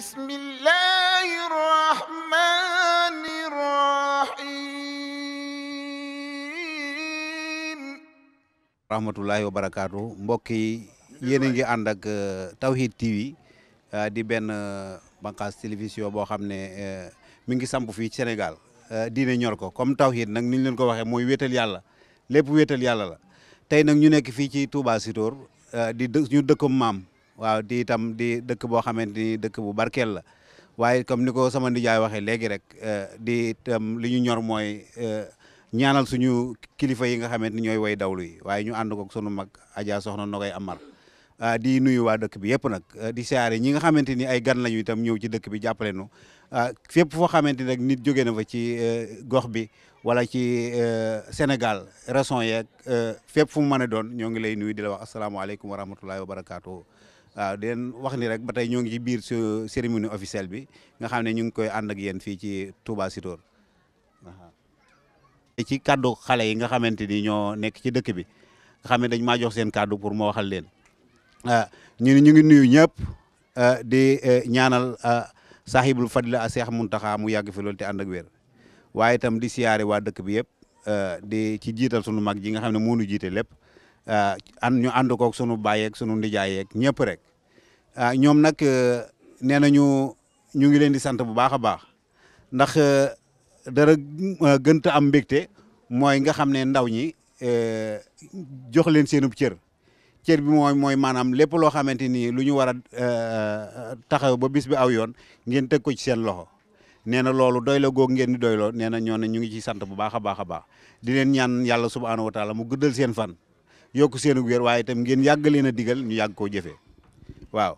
بسم الله الرحمن wa barakaatu mbokk yi yéen a ngi ànd ak euh, Tawhid TV euh, di benn euh, bànqaas télévision boo xam ne mi ngi samp fii Sénégal diine ñor ko comme Tawhid nag ni leen ko waxee mooy wéetal yàlla lépp wéetal yàlla la tey nag ñu nekk fii ci Touba Sitor di ñu dëkkum maam waaw di itam di dëkk boo xamante ni dëkk bu barkeel la waaye comme ni ko sama nijaay waxee léegi rek eh, di itam li ñu ñor mooy eh, ñaanal suñu kilifa yi nga xamante ni ñooy way dawlu yi waaye ñu ànd koog sunu mag Adja Soxna Nogay Amar ah, di nuyu waa dëkk bi yëpp nag eh, di siyaare ñi nga xamante ni ay gan lañu itam ñëw ci dëkk bi jàppale nu ah, fépp foo xamante ni nit jóge na fa ci gox bi wala ci Sénégal régions yeeg fépp fu mu mën a doon ñoo ngi lay nuyu di la wax asalaamaaleykum wa rahmatullahi wa barakaatu. waaw di leen wax ni rek ba tey ñoo ngi ci biir cérémonie officielle bi nga xam ne ñu ngi koy ànd ak yéen fii ci Touba Sitor waaw. ci kàddu xale yi nga xamante ni ñoo nekk ci dëkk bi nga xam ne dañ maa jox seen kàddu pour moo waxal leen ah, ñu ñu ngi nuyu ñëpp ah, di eh, ñaanal ah, sahibul fadila a seex mun muntaxa mu yàgg fi loolu te ànd ak wér waaye itam di siyaare waa dëkk bi yëpp di ci jiital sunu mag ji nga xam ne moo nu jiite lépp. Euh, an ñu ànd kook sunu baay ak sunu ndijaay yeeg ñëpp rek euh, ñoom nag euh, nee nañu ñu ngi leen di sant bu baax a baax ndax dara gënta am mbégte mooy nga xam ne ndaw ñi jox leen seenub cër cër bi mooy mooy maanam lépp loo xamante ni lu ñu war a taxaw ba bis bi aw yoon ngeen teg ko ci seen loxo nee na loolu doy la goog ngeen di doyloo nee neena ñoo ñu ngi ci sant bu baax a baax a baax di ñaan yàlla subhaanahu wa taala mu guddal seen fan yokk seenu wér waaye itam ngeen yàgg leen a digal ñu yàgg ko jëfee waaw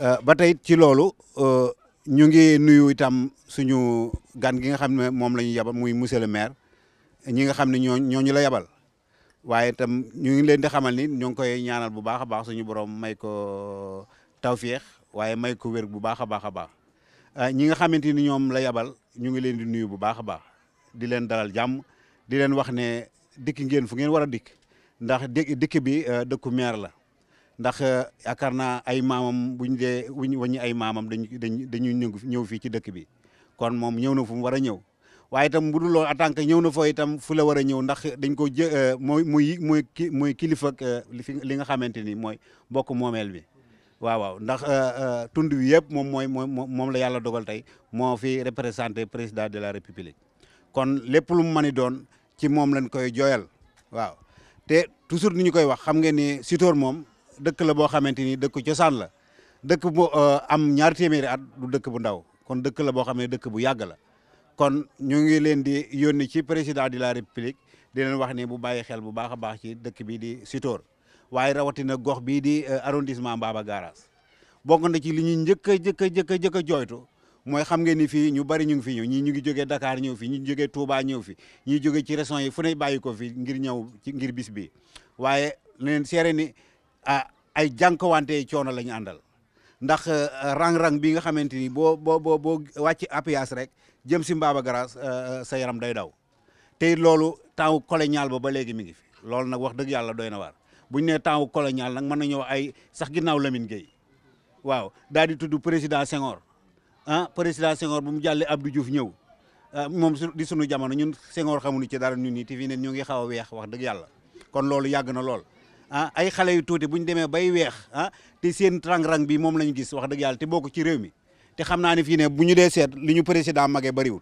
euh, ba tey ci loolu euh, ñu ngi nuyu itam suñu gan gi nga xam ne moom la ñu yabal muy monsieur le maire ñi nga xam ne ñoo ñooñu la yabal waaye itam ñu ngi leen di xamal ni ñu ngi koy ñaanal bu baax a baax suñu borom may ko tawféex waaye may ko wér bu baax a baax a baax euh, ñi nga xamante ni ñoom la yabal ñu ngi leen di nuyu bu baax a baax di leen dalal jàmm di leen wax ne dikk ngeen fu ngeen war a dikk ndax dëkk bi euh, dëkku meer la ndax euh, yaakaar naa ay maamam buñ dee wuñ wañu ay maamam dañ dañ dañuy ñëw fii ci dëkk bi kon moom ñëw na fu mu war a ñëw waaye itam bu dul loolu en tant que ñëw na foo itam fu la war a ñëw ndax dañ ko jë euh, mooy muy muy muy kilifa li nga xamante ni mooy bokk moomeel bi waaw waaw ndax tund wi yëpp moom mooy moom la yàlla dogal tey moo fi représenté président de la république kon lépp lu mën doon ci moom lañ koy jooyal waaw toujours ni ñu koy wax xam ngeen ni Sitor moom dëkk la boo xamante ni dëkk cosaan la dëkk bu euh, am ñaar téeméeri at du dëkk bu ndaw kon dëkk la boo xamee dëkk bu yàgg la kon ñu ngi leen di yónni ci président de la république di leen wax ni bu bàyyi xel bu baax a baax ci dëkk bii di Sitor waaye rawatina gox bii di euh, arrondissement Mbaba Garaas bokk na ci li ñuy njëkk a njëkk a njëkk a jooytu mooy xam ngeen ni fii ñu bari ñu ngi fi ñëw ñii ñu ngi jógee Dakar ñëw fi ñi jógee Touba ñëw fi ñii jógee ci régions yi fu ne bàyyi ko fi ngir ñëw ci ngir bis bi waaye leen seere ni ah ay jànkuwante coono la ñu àndal ndax euh, rang-rang bi nga xamante ni boo boo boo boo wàcc apias rek jëm si Mbaba Garaas euh, euh, sa yaram day daw te loolu temps colonial ba ba léegi mi ngi fi loolu nag wax dëgg yàlla doy na waar buñ ne temps colonial nag mën na ñëw ay sax ginnaaw lamin Gueye waaw daal di tudd président Senghor ah président Senghor bu mu jàllee Abdou Diouf ñëw ah, moom di sunu jamono ñun Senghor xamuñu ci dara ñun nii te fii ne ñu ngi xaw a weex wax dëgg yàlla kon loolu yàgg na lool ah ay xale yu tuuti bu ñu demee bay weex ah te seen rang-rang bi moom la ñu gis wax dëgg yàlla te boo ko ci réew mi te xam naa ne fii ne bu ñu dee seet li ñu président magee bariwul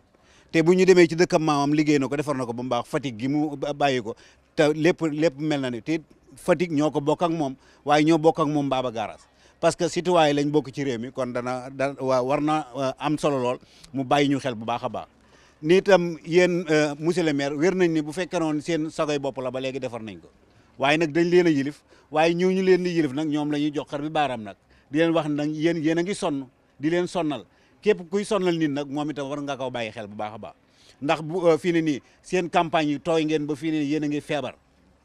te bu ñu demee ci dëkkam am liggéey na ko defar na ko ba mu baax Fatick gi mu bàyyi ko te lépp lépp mel na ne te Fatick ñoo ko bokk ak moom waaye ñoo bokk moom Baba parce que citoyen lañ bokk ci réew mi kon dana da war na am solo lool mu bàyyi ñu xel bu baax a baax ni itam yéen euh, monsieur le maire wér nañ ni bu fekkee noonu seen sagoy bopp la ba léegi defar nañ ko waaye nag dañ leen a yilif waaye ñëw ñu leen di yilif nag ñoom la ñuy jox xar bi baaraam nag di leen wax nag yéen yéen a ngi sonn di leen sonnal képp kuy sonnal nit nag moom itam war nga koo bàyyi xel bu baax a baax ndax bu euh, fii ne nii seen campagne yi tooy ngeen ba fii ne yéen ngi feebar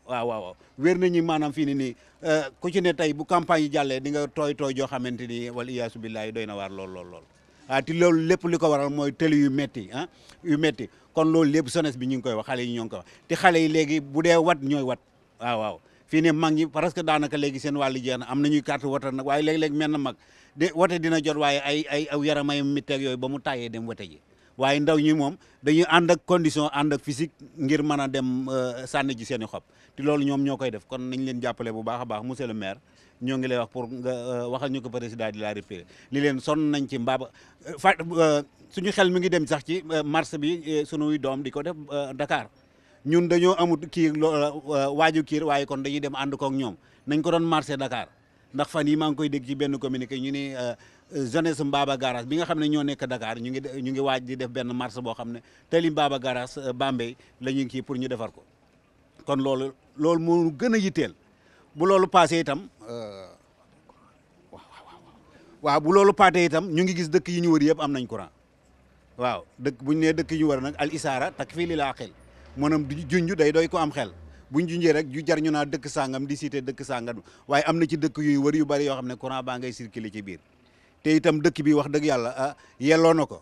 waaw waaw na nañu maanaam fii ni nii euh, ku ci ne tey bu campagne yi jàllee di nga tooy tooy joo xamante ni wala iyaasu billaahi doy na waar lool lool lool waaw ah, lool loolu li ko waral mooy tëli yu métti ah yu métti kon loolu lépp jeunesse bi ñu ngi koy wax xale yi ñoo ngi koy te xale yi léegi bu dee wat ñooy wat waaw fii ne mag ñi parce que daanaka léegi seen wàllu jeex na am nañuy carte wote nag waaye léeg-léeg mel na mag de wote dina jot waaye ay ay aw yaramay mi teeg yooyu ba mu tàyyee dem wote ji waaye ndaw ñi moom dañuy ànd ak condition ànd ak physique ngir mën a dem euh, sànni ji seen i xob te loolu ñoom ñoo koy def kon nañ leen jàppale bu baax baax monsieur le maire ñoo ngi lay wax pour nga euh, waxal ñu ko président de la République li leen son nañ ci mbaaba euh, fa suñu xel mi ngi dem sax ci marché bi suñuy doom di ko def Dakar ñun dañoo amut kii waaju kiir waaye kon dañuy dem ànd kook ñoom nañ ko doon marché Dakar ndax fan yi maa ngi koy dégg ci benn communiqué ñu ni jeunesse Mbaba garage bi nga xam ne ñoo nekk Dakar ñu ngi ñu ngi waaj di def benn marche boo xam ne tali Mbaba garas euh, Bambey la ñu kii pour ñu defar ko kon lool lool moo gën a yitteel bu loolu paasee itam euh, waaw bu loolu paatee itam ñu ngi gis dëkk yi ñu wër yëpp am nañ courant waaw dëkk bu nee dëkk yi ñu wër nag al isaara tak fii li laa xel maanaam du junj day doy ko am xel. bu ñu junjee rek ju jar ñu naa dëkk sàngam di cité dëkk sàngam waaye na ci dëkk yuy wër yu bari yoo xam ne courant baa ngay circuler ci biir te itam dëkk bi wax dëgg yàlla ah yelloo na ko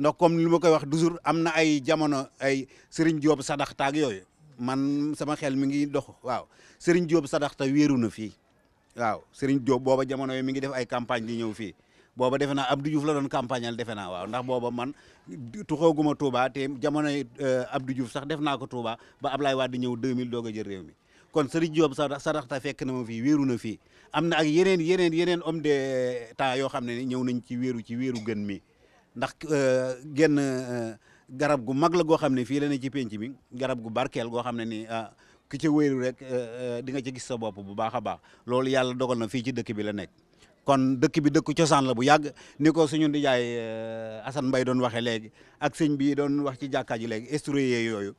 ndax comme li ma koy wax toujours am na ay jamono ay Serigne Diop sadax taak yooyu man sama xel mi ngi dox waaw Serigne Diop sadax ta wéeru na fii waaw Serigne Diop booba jamono yi mi ngi def ay campagne di ñëw fii booba defe naa Abdou Diouf la doon campagnal defe naa waaw ndax booba man tuxooguma Touba te jamono yi euh, Abdou Diouf sax def naa ko Touba ba Ablaye Wade ñëw 2000 doog a jël réew mi kon Serigne Diop sa saraxta fekk na ma fii wéeru na fii am na ak yeneen yeneen yeneen homme de temps yoo xam ne ni ñëw nañ ci wéeru ci wéeru gën mi ndax euh, genn euh, garab gu mag la goo xam ne fii la ne ci penc mi garab gu barkeel goo xam ne ni ah, ki ca wéeru rek euh, di nga ci gis sa bopp bu baax a baax loolu yàlla dogal na fii ci dëkk bi la nekk kon dëkk bi dëkk cosaan la bu yàgg ni ko suñu nijaay Assane Mbaye doon waxee léegi ak sëñ bi doon wax ci jàkkaa ji léegi estouré yooyu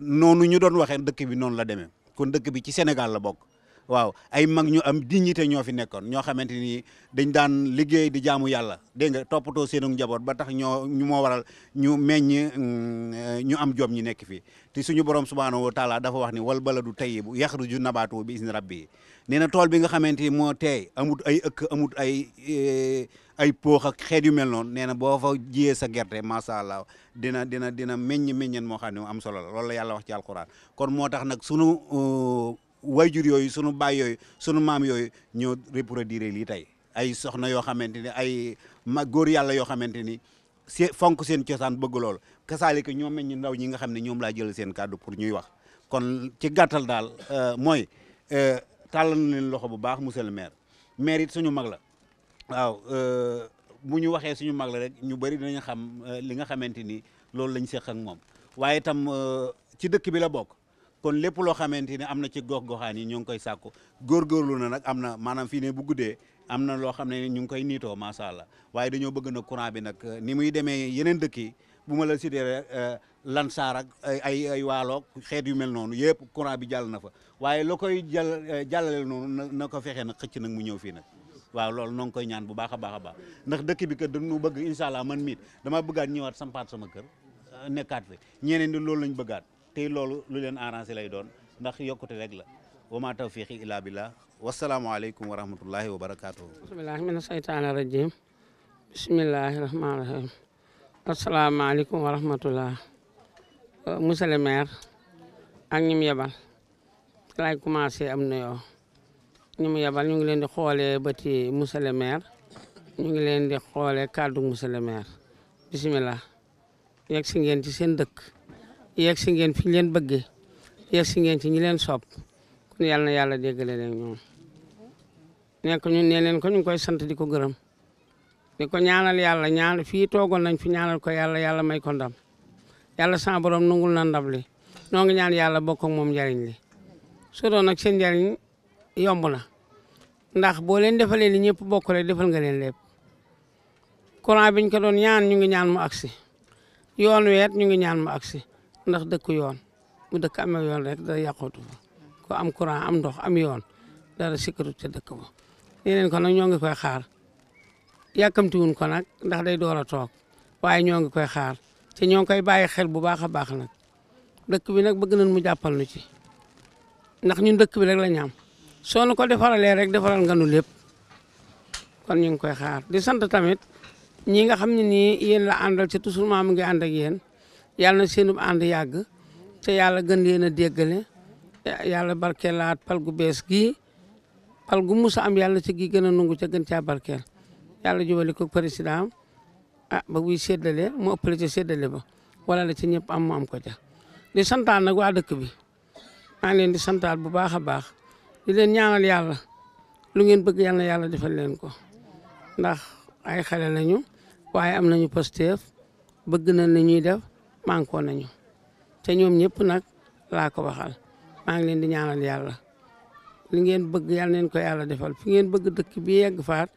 noonu ñu doon waxee dëkk bi noonu la demee kon dëkk bi ci Sénégal la bokk waaw ay mag ñu am dignité ñoo fi nekkoon ñoo xamante ni dañ daan liggéey di jaamu yàlla dégg nga toppatoo seenu njaboot ba tax ñoo ñu moo waral ñu meññ mm, ñu am jom ñu nekk fii te suñu borom subhaanahu wa taala dafa wax ni wal baladu tayyibu yaxruju nabaatu bi izni rabbi nee na tool bi nga xamante ni moo teey amut ay ëkk amut ay eh, ay poox ak xeet yu mel noonu nee na boo fa jiyee sa gerte macha allah dina dina dina meññ meññeen moo xam ne am solo la loolu la yàlla wax ci alquran kon moo tax nag sunu uh, wayjur yooyu sunu baay yooyu sunu maam yooyu ñoo reproduire lii tey ay soxna yoo xamante ni ay ma yàlla yoo xamante ni se fonk seen cosaan bëgg lool kasaalika ñoo meññ ndaw ñi nga xam ne ñoom laa jël seen kàddu pour ñuy wax kon ci gàttal uh, uh, tàll na leen loxo bu baax monsieur le maire maire it suñu mag la waaw euh, bu ñu waxee suñu mag la rek ñu bëri nañu xam euh, li nga xamante ni loolu lañ seq ak moom waaye itam euh, ci dëkk bi la bokk kon lépp loo xamante ni am na ci gox-goxaan yi ñu ngi koy sàkku góorgóorlu na nag am na maanaam fii ne bu guddee am na loo xam ne ñu ngi koy niitoo macha allah waaye dañoo bëgg na courant bi nag ni muy demee yeneen dëkk yi bu ma la sidéré euh, Lansar ak ay ay waaloog xeet yu mel noonu yëpp courant bi jàll na fa waaye loo koy jàll euh, jàllale noonu na na ko fexee nag xëcc nag mu ñëw fii nag waaw lool noo ngi koy ñaan bu baax a baax a baax ndax dëkk bi kat dañu bëgg incha allah man miit dama bëggaat ñëwaat sampaat sama kër euh, nekkaat fi ñeneen di loolu lañ bëggaat tey loolu lu leen arrangé lay doon ndax yokkute rek la wa ma tawfiqi illa billah wasalaamualeykum wa rahmatullahi wa barakatuhu bismillahi asalaamaaleykum wa rahmatullah euh, monsieur le maire ak ñi mu yebal laay commencé am na yoo ñi mu ñu ngi leen di xoolee bëti monsieur le maire ñu ngi leen di xoolee kàddu monsieur le maire bisimilah si ngeen ci seen dëkk yegg si ngeen fi leen bëggee yegg si ngeen ci ñi leen sopp kon yàlla na yàlla déggale leen ñoom nekk ñu ne leen ko ñu ngi koy sant di ko gërëm di ko ñaanal yàlla ñaan fii toogoon nañ fi ñaanal ko yàlla yàlla may ko ndam yàlla sa borom nungul na ndam li ñoo ngi ñaan yàlla bokk ak moom njariñ li su doon nag njariñ yomb na ndax boo leen defalee li ñëpp bokk rek defal nga leen lépp biñ ko doon ñaan ñu ngi ñaan mu agsi yoon weet ñu ngi ñaan mu agsi ndax dëkk yoon mu dëkk amee yoon rek dara yàqootu fa ko am courant am ndox am yoon dara sikkatu ca dëkk ba nee ko nag ñoo ngi koy xaar yàkkamti wuñ ko nag ndax day door a toog waaye ñoo ngi koy xaar ci ñoo ngi koy bàyyi xel bu baax a baax nag dëkk bi nag bëgg nañ mu jàppal nu ci ndax ñun dëkk bi rek la ñu am soo nu ko defaralee rek defaral nga nu lépp kon ñu ngi koy xaar di sant tamit ñi nga xam ne nii yéen la àndal ci toujours maa mu ngi ànd ak yéen yàlla na seenub ànd yàgg te yàlla gën leen a déggale yàlla barkeelaat pal gu bees gi pal gu musa am yàlla ci gi gën a nungu ca gën caa barkeel yàlla jubali ko président ah ba buy séddale mu ëppale ca séddale ba wala la ci ñëpp am mu am ko ca di santaal nag waa dëkk bi maa ngi di santaal bu baax a baax di leen ñaanal yàlla lu ngeen bëgg yàlla yàlla defal leen ko ndax ay xale lañu waaye am nañu Pastef bëgg na li ñuy def mànkoo nañu te ñoom ñëpp nag laa ko waxal maa ngi leen di ñaanal yàlla li ngeen bëgg yàlla neen ko yàlla defal fi ngeen bëgg dëkk bi yegg faat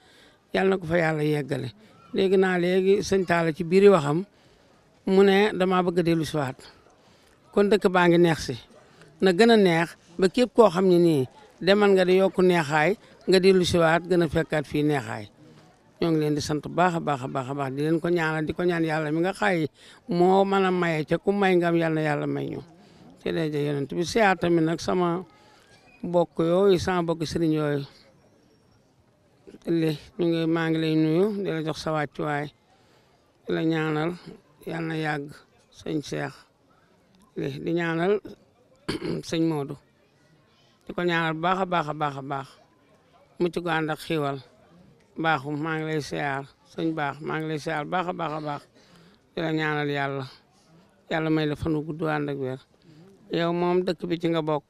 yàlla na ko fa yàlla yeggale léegi naa léegi sëñ Talla ci biiri waxam mu ne damaa bëgg a dellu waat kon dëkk baa ngi neex si na gën a neex ba képp koo xam ne nii demal nga di yokku neexaay nga dellu si waat gën a fekkaat fii neexaay ñoo ngi leen di sant baax a baax a baax a baax di leen ko ñaanal di ko ñaan yàlla mi nga xaay moo mën a maye ca ku may nga am yàlla na yàlla may ñu te dee ja yonent bi siyaat tamit nag sama bokk yooyu sama bokk sëriñ yooyu li ñu ngi maa ngi lay nuyu di la jox sa wàccuwaay di la ñaanal yal na yàgg sëñ seex li di ñaanal sëñ moodu di ko ñaanal baax a baax a baax a baax mucc ko ànd ak xiiwal baaxum maa ngi lay siyaar sëñ baax maa ngi lay siyaar baax a baax a baax di la ñaanal yàlla yàlla may la fan wu gudd ànd ak wér yow moom dëkk bi ci nga bokk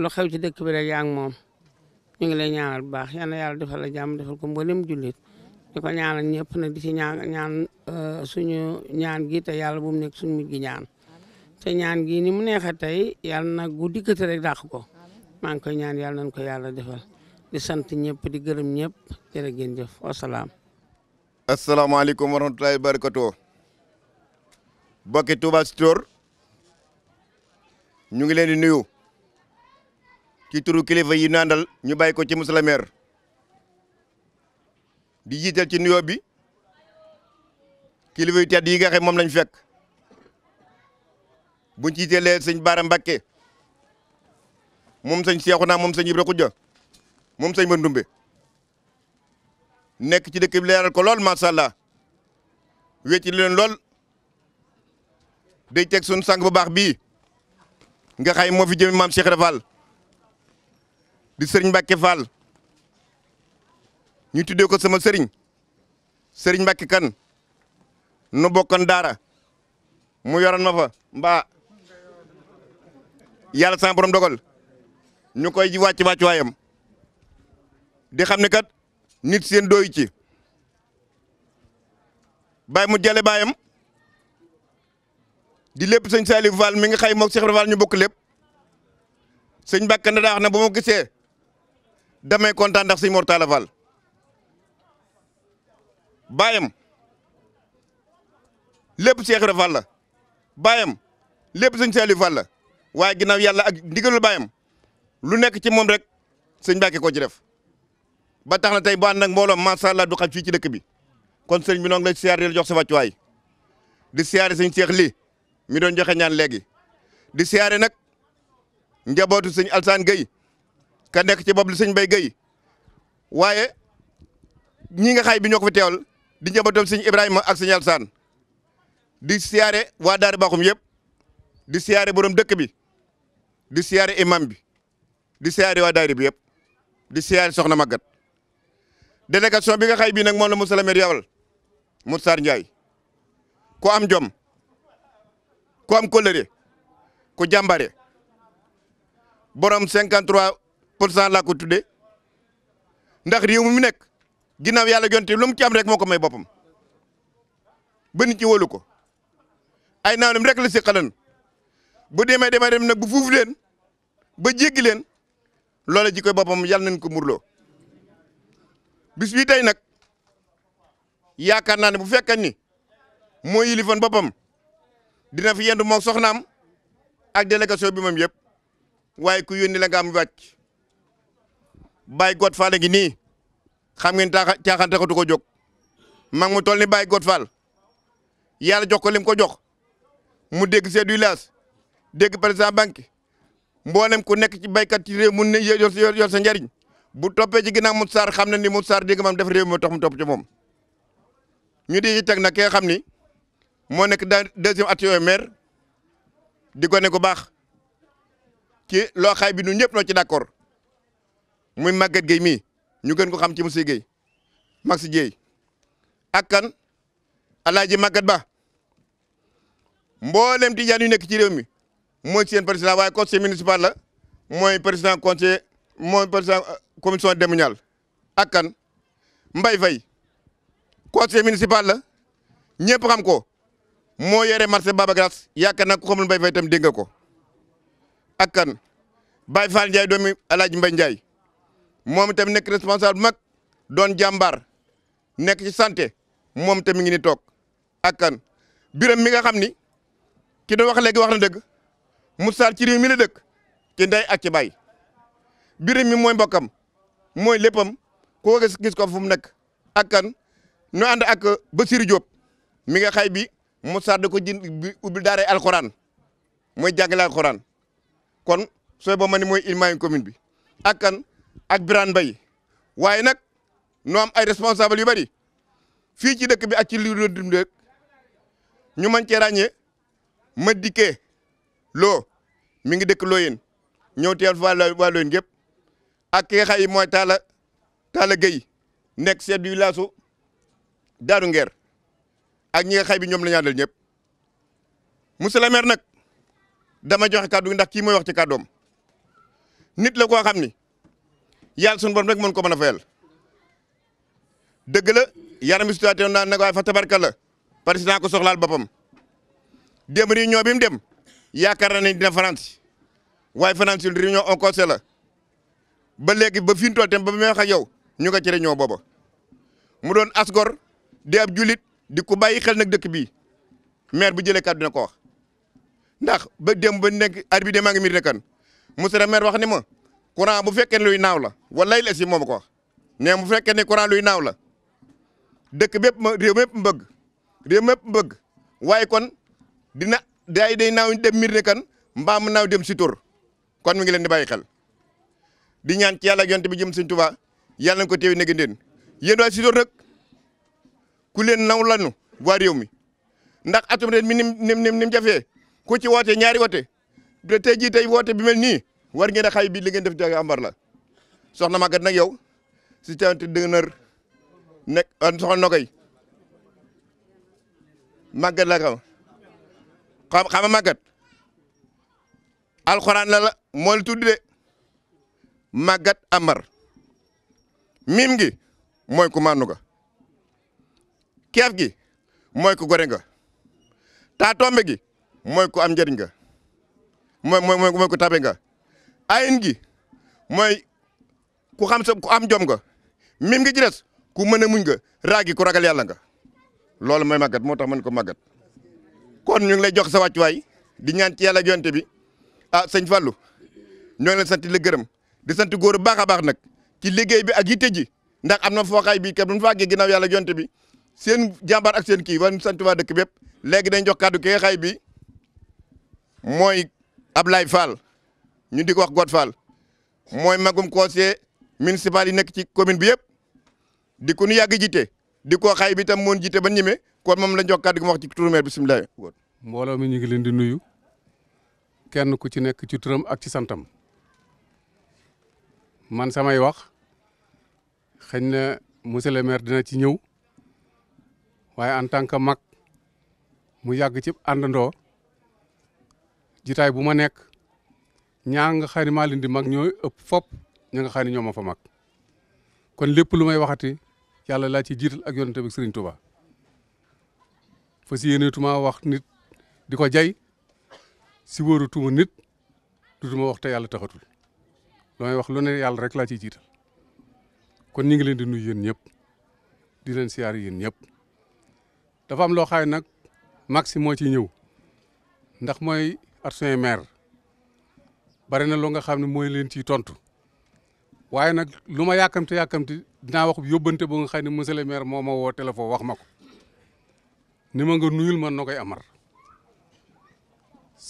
lu xew ci dëkk bi rek yaa moom ñu ngi lay ñaanal bu baax yal na yàlla defal la jàmm defal ko mboolem jullit di ko ñaanal ñëpp na di ci ñaan ñaan euh, suñu ñaan gi te yàlla bu mu nekk suñu mujj gi ñaan te ñaan gi ni mu neexee tey yàlla na gu dikkati rek dàq ko maa ngi koy ñaan yàlla nañ ko yàlla defal di sant ñëpp di gërëm ñëpp jërë ngeen jëf wasalaam. asalaamaaleykum wa rahmatulahi barakatu bokki Touba Sitor ñu ngi leen di nuyu. ci turu kilifa yi naandal ñu bàyyi ko ci monsieur le di jiital ci nuyoo bi kilifa yu tedd yi nga xam moom lañ fekk buñ jiitalee sëñ Baara Mbakke moom sëñ Seexuna moom sëñ Ibra Xujja moom sëñ Mandumbe nekk ci dëkk bi leeral ko lool macha allah wecci leen lool day teg suñu sang bu baax bi nga xay moo fi jëmi maam Cheikh di sëriñ Mbacke Fall ñu tuddee ko sama sëriñ sëriñ Mbacke kan nu bokkan daara mu yoroon ma fa mbaa yàlla sama borom dogal ñu koy ji wàcc wàcc di xam ne kat nit seen dooyu ci bàyyi mu jale baayam di lépp sëñ Saliou Fall mi nga xay moog Cheikh Fall ñu bokk lépp sëñ Mbacke daa daax na ba ma gisee. damay kontaan ndax sëñ Mor Talla baayam lépp Cheikh Ibra la baayam lépp sëñ Saliou Fall la waaye ginnaaw yàlla ak ndigalul baayam lu nekk ci moom rek sëñ Mbàkke ko ci def ba tax na tey bu ànd nag mbooloo macha allah du xam fii ci dëkk bi kon sëñ bi noo ngi lay siyaar di la jox sa wàccuwaay di siyaare sëñ Cheikh li mi doon joxe ñaan léegi di siyaare nag njabootu sëñ Alsaan Gueye ka nekk ci bopp li sëñ Mbaye Guèye waaye ñi nga xay bi ñoo ko fi teewal di njabootam sëñ Ibrahima ak sëñ Alsaan di siyaare waa Daara Bakhoum yëpp di siyaare boroom dëkk bi di siyaare imam bi di siyaare waa daara bi yëpp di siyaare soxna Magat délégation bi nga xay bi nag moom la Moussa Lamère yawal Moussa Ndiaye am jom ko am ko ku jàmbare borom 53 pour cent laa ko tuddee ndax réew mi mu nekk ginnaaw yàlla jonte lu mu ci rek moo ko may boppam ba nit ñi ko ay naawlem rek la si xalan bu demee demee dem nag bu fuuf leen ba jéggi leen loola ji koy boppam yàlla nañ ko murloo bis tey nag yaakaar naa ne bu fekkee ni moo yilifan boppam dina fi yendu moo soxnaam ak délégation bi moom yëpp waaye ku yónni la nga am Baye Goth a ngi nii xam ngeen caaxaan caaxaan taxatu ko jóg mag mu tol ni Baye Goth Fall yàlla jox ko lim ko jox mu dégg chef du village dégg président banque mboolem ku nekk ci baykat ci réew mun ne yor yor sa njariñ bu tope ci ginnaaw Moussa Sarr xam ne ni Moussa Sarr dégg maam def réew moo tax mu topp ci ñu di ci teg nag ki nga xam ni moo nekk deuxième at yooyu maire di ko ne ko baax ki loo xay bi nu ñëpp noo ci d'accord muy Maguette Gueye mi ñu gën ko xam ci monsieur Gueye Max Dieye ak kan Alaaji Maguette Ba mboolem tijaan yu nekk ci réew mi mooy seen président waaye conseil municipal la mooy président conseil mooy président euh, commission domaniale ak kan Mbaye Faye conseil municipal la ñëpp xam ko moo yore marché Baba Glace yaakaar naa ko xamul Mbaye Faye itam dégg ko ak kan Baye Fall Ndiaye doomi Alaaji Mbaye Ndiaye moom itam nekk responsable mag doon jàmbaar nekk ci santé moom itam mi ngi ni toog ak kan biram mi nga xam ni ki doon wax léegi wax na dëgg mu saal ci réew mi la dëkk ci ndey ak ci baay biram mi mooy mbokkam mooy léppam ko gis ko fu mu nekk ak kan ñu ak Basirou Diop mi nga xay bi mu saal da ko jënd ubbi daaray alxuraan mooy jàngale alxuraan kon sooy boo ma ne mooy ilmaayu commune bi ak ak Birane Mbaye waaye nag noo am ay responsable yu bari fii ci dëkk bi ak ci li doon dundee ñu mën cee ràññee Madické Lo mi ngi dëkk Loyenne ñëw teel fa waa Loyenne gépp ak ki nga xam ne mooy Talla Talla nekk chef du village su Daaru Ngeer ak ñi xay bi ñoom la ñu àndal ñëpp monsieur le maire nag dama joxe kàddu ndax kii mooy wax ci kàddoom nit la koo xam ni yàlla sunu borom rek mën ko mën a fayal dëgg la yaram bi situation naan nag waaye fa tabarka la président ko soxlaal boppam dem réunion bi mu dem yaakaar nañ dina France waaye France une réunion en conseil la ba léegi ba fi mu toll ba may wax yow ñu nga ci réunion booba mu doon asgor di ab julit di ko bàyyi xel nag dëkk bi maire bu jëlee kàddu dina ko wax ndax ba dem ba nekk arbitre maa ngi miir ne kan monsieur le maire wax ni ma. courant bu fekkee ne luy naaw la walaay la si moom ko nee bu fekkee ne courant luy naaw la dëkk bépp ma réew mépp mbëgg réew mépp mbëgg waaye kon dina day dey naaw dem mbir ne kan mbaa naaw dem si tur kon mi ngi leen di bàyyi xel di ñaan ci yàlla ak yonent bi jëm Sëñ Tuubaa yàlla na ko teew negi ndéen yéen waa si tur nag ku leen naw lanu waa réew mi ndax atum ren mi nim nim nim jafee ci woote ñaari woote te tey jii tey woote bi mel nii war ngeen a xay bi ngeen def jooge ambar la soxna Maguette nag yow si teewante dënër nekk soxna Nogaye Maguette la xam xam xama Maguette alxuraan la la moo la tudd de Maguette ambar gi mooy ku màndu nga keef gi mooy ku gore nga taatombe gi mooy ku am njariñ ga mooy mooy mooy ku tabe nga ayin gi mooy ku xam sa ku am jom nga mim ngi ci des ku mën a muñ nga raa gi ku ragal yàlla nga loolu mooy màggat moo tax mën ko màggat kon ñu ngi lay jox sa wàccuwaay di ñaan yàlla ak yonte bi a ah, sëñ Fallou ñoo ngi leen sant la gërëm di sant góor baax a baax nag ci liggéey bi ak yitte ji ndax am na fooxaay bi kat bu ñu fàggee ginnaaw yàlla ak yonte bi seen jàmbaar ak seen kii war sant waa dëkk bépp léegi dañ jox kàddu ki nga bi mooy Ablaye Fall. ñu di ko wax Godou Fall mooy magum conseiller municipal yi nekk ci commune bi yëpp di ko nu yàgg jiite di ko xay bi tam moon jiite ba ñeme kon moom la ñu jox kàddu gi ma wax ci turu maire bisimilah. mbooloo mi ñu ngi di nuyu kenn ku ci nekk ci turam ak ci santam man samay wax xëñ na monsieur le maire dina ci ñëw waaye en tant que mag mu yàgg ci àndandoo jitaay bu ma nekk. ñaa nga xam ne di mag ñoo ëpp fop ña nga xam ne ñoo ma fa mag kon lépp lu may waxati yàlla laa ci jiital ak yonent bi si Sëriñ Tuubaa fa si ma wax nit di ko jay si wóorutuma nit dutuma wax te yàlla taxatul lu may wax lu ne yàlla rek laa ciy jiital kon ñu ngi leen di nuyu yéen ñëpp di leen siyaar yéen ñëpp dafa am loo xaay nag maxi moo ciy ñëw ndax mooy adjoint maire bari na lu nga xam ne mooy leen ciy tontu waaye nag lu ma yàkkamti yàkkamti dinaa wax yóbbante bu nga xam ne monsieur le maire woo téléphone wax ma ko ni ma nga nuyul man na koy amar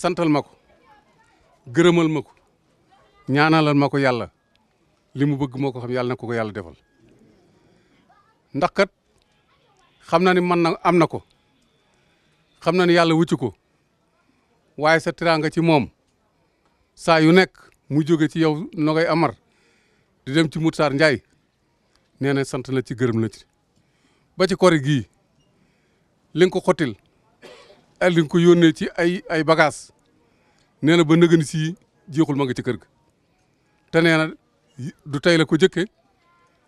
santal ma ko gërëmal ma ko ñaanalal ma ko yàlla li mu bëgg moo ko xam yàlla na ko ko yàlla defal ndax kat xam na ni man na am na ko xam na ni yàlla wucc ko waaye sa teraanga ci moom saa yu nekk mu jóge ci yow Nogay Amar di dem ci Moussa Ndiaye nee na sant la ci gërëm la ci ba ci kori gii li nga ko xottil ak li ko yónnee ci ay ay bagages nee na ba nëgën si jeexul ma nga ci kër ga te nee na du tey la ko jëkke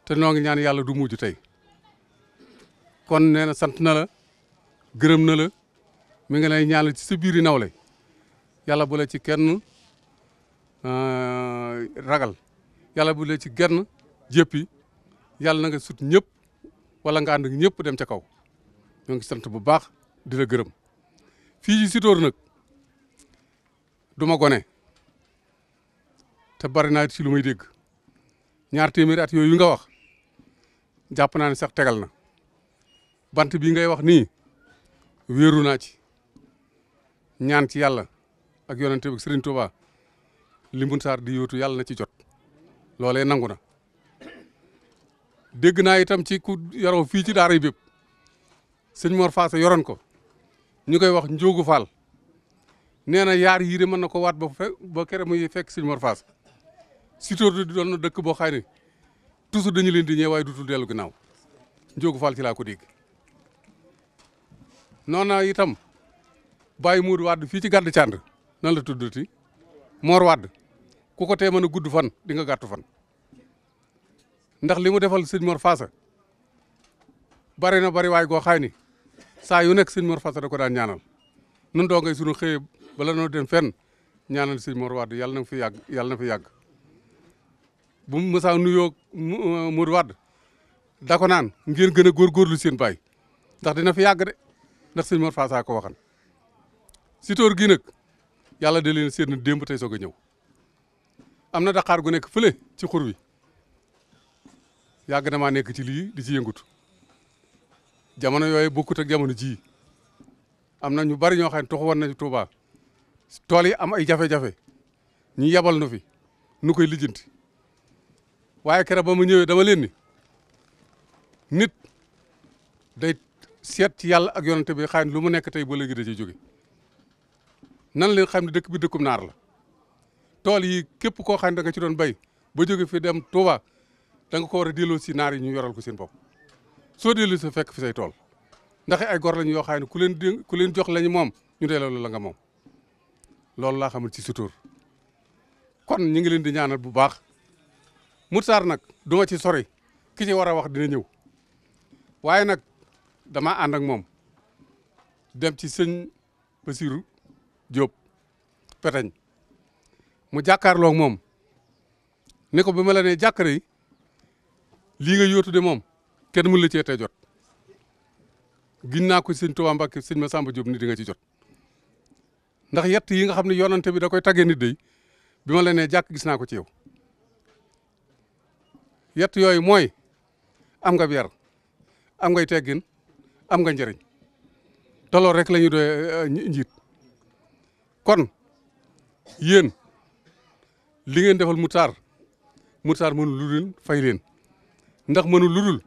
te noo ngi ñaan yàlla du mujj tey kon nee sant na la gërëm na la mi ngi lay ñaanal ci sa i nawle yàlla bu la ci kenn Euh, ragal yalla bu la ci genn jéppi yàlla na nga sut ñëpp wala nga ànd ak ñëpp dem ca kaw ñoo ngi sant bu baax di la gërëm fii ci Sitor nag duma gone te bari naa ci lu may dégg ñaar téeméeri at yooyu nga wax jàpp naa ne sax tegal na bant bi ngay wax nii wéeru naa ci ñaan ci yàlla ak yonente bi Serigne Touba li Mbun Sarr di yóotu yàlla na ci jot loolee nangu na dégg na itam ci ku yaroo fii ci daara yi bépp sëñ Mor Faasa yoroon ko ñu koy wax Njóogu Fall nee na yaar yii de mën na ko waat ba fekk sëñ Mor Faasa Sitor di doon na dëkk boo xay ne toujours dañu leen di ñëw waaye dutul dellu ginnaaw Njóogu Fall ci laa ko dégg noona itam bàyyi Muudu Wàdd fii ci gàdd nan la tuddati Mor Wàdd ku ko tee mën a gudd fan di nga gàtt fan ndax li mu defal sëñ Mor Faasa bari na bari waay goo xay ni saa yu nekk sëñ Mor Faasa da ko daan ñaanal nun doo ngay sunu xëyee bala noo dem fen ñaanal sëñ moor Wade yàlla na fi yàgg yàlla na fi yàgg bu mu mësaa nuyoo euh, Modou Wade da ko naan gën a góorgóorlu seen baay ndax dina fi yàgg de ndax sëñ Mor Faasa ko waxan si tóor gi nag yàlla da leen seen démb tey soog a ñëw am na daqaar gu nekk fële ci xur wi yàgg na maa nekk ci lii di ci yëngut jamono yooyu bokkut ak jamono ji am na ñu bari ñoo xam ne toxu woon nañu Touba tool yi am ay jafe-jafe ñu yebal nu fi nu koy lijjanti waaye keroog ba mu ñëwee dama leen ni nit day seet ci yàlla ak yonante bi xëy lu mu nekk tey ba léegi da ciy jóge nan leen xam ne dëkk bi dëkkum naar la. tool yi képp koo xam ne da nga ci doon bay ba jóge fi dem Touba danga ko war a delloo si naar yi ñu yoral ko seen bopp soo delloo sa fekk fi say tool ndax ay gor lañ yoo xam ne ku leen di ku leen jox lañu moom ñu delloo la nga moom loolu laa xamul ci sutur kon ñu ngi leen di ñaanat bu baax Moussa nag du ma ci sori ki ci war a wax dina ñëw waaye nag dama ànd ak moom dem ci sëñ siiru jóob Petañ. mu jàkkaarloog moom ne ko bi ma la nee jàkkaare yi lii nga yootu de moom kenn mën la cee jot gin naa ko sëñ Tuubaa Mbàkke sëñ Masamba Jóob ni di nga ci jot ndax yett yi nga xam ne yoonante bi da koy taggee nit day bi ma la nee jàkk gis naa ko ci yow yett yooyu mooy am nga yar am ngay teggin am nga njëriñ te loolu rek la ñuy eh, njiit kon yéen li ngeen defal Moutar Moutar mënul lu dul fay ndax mënul lu dul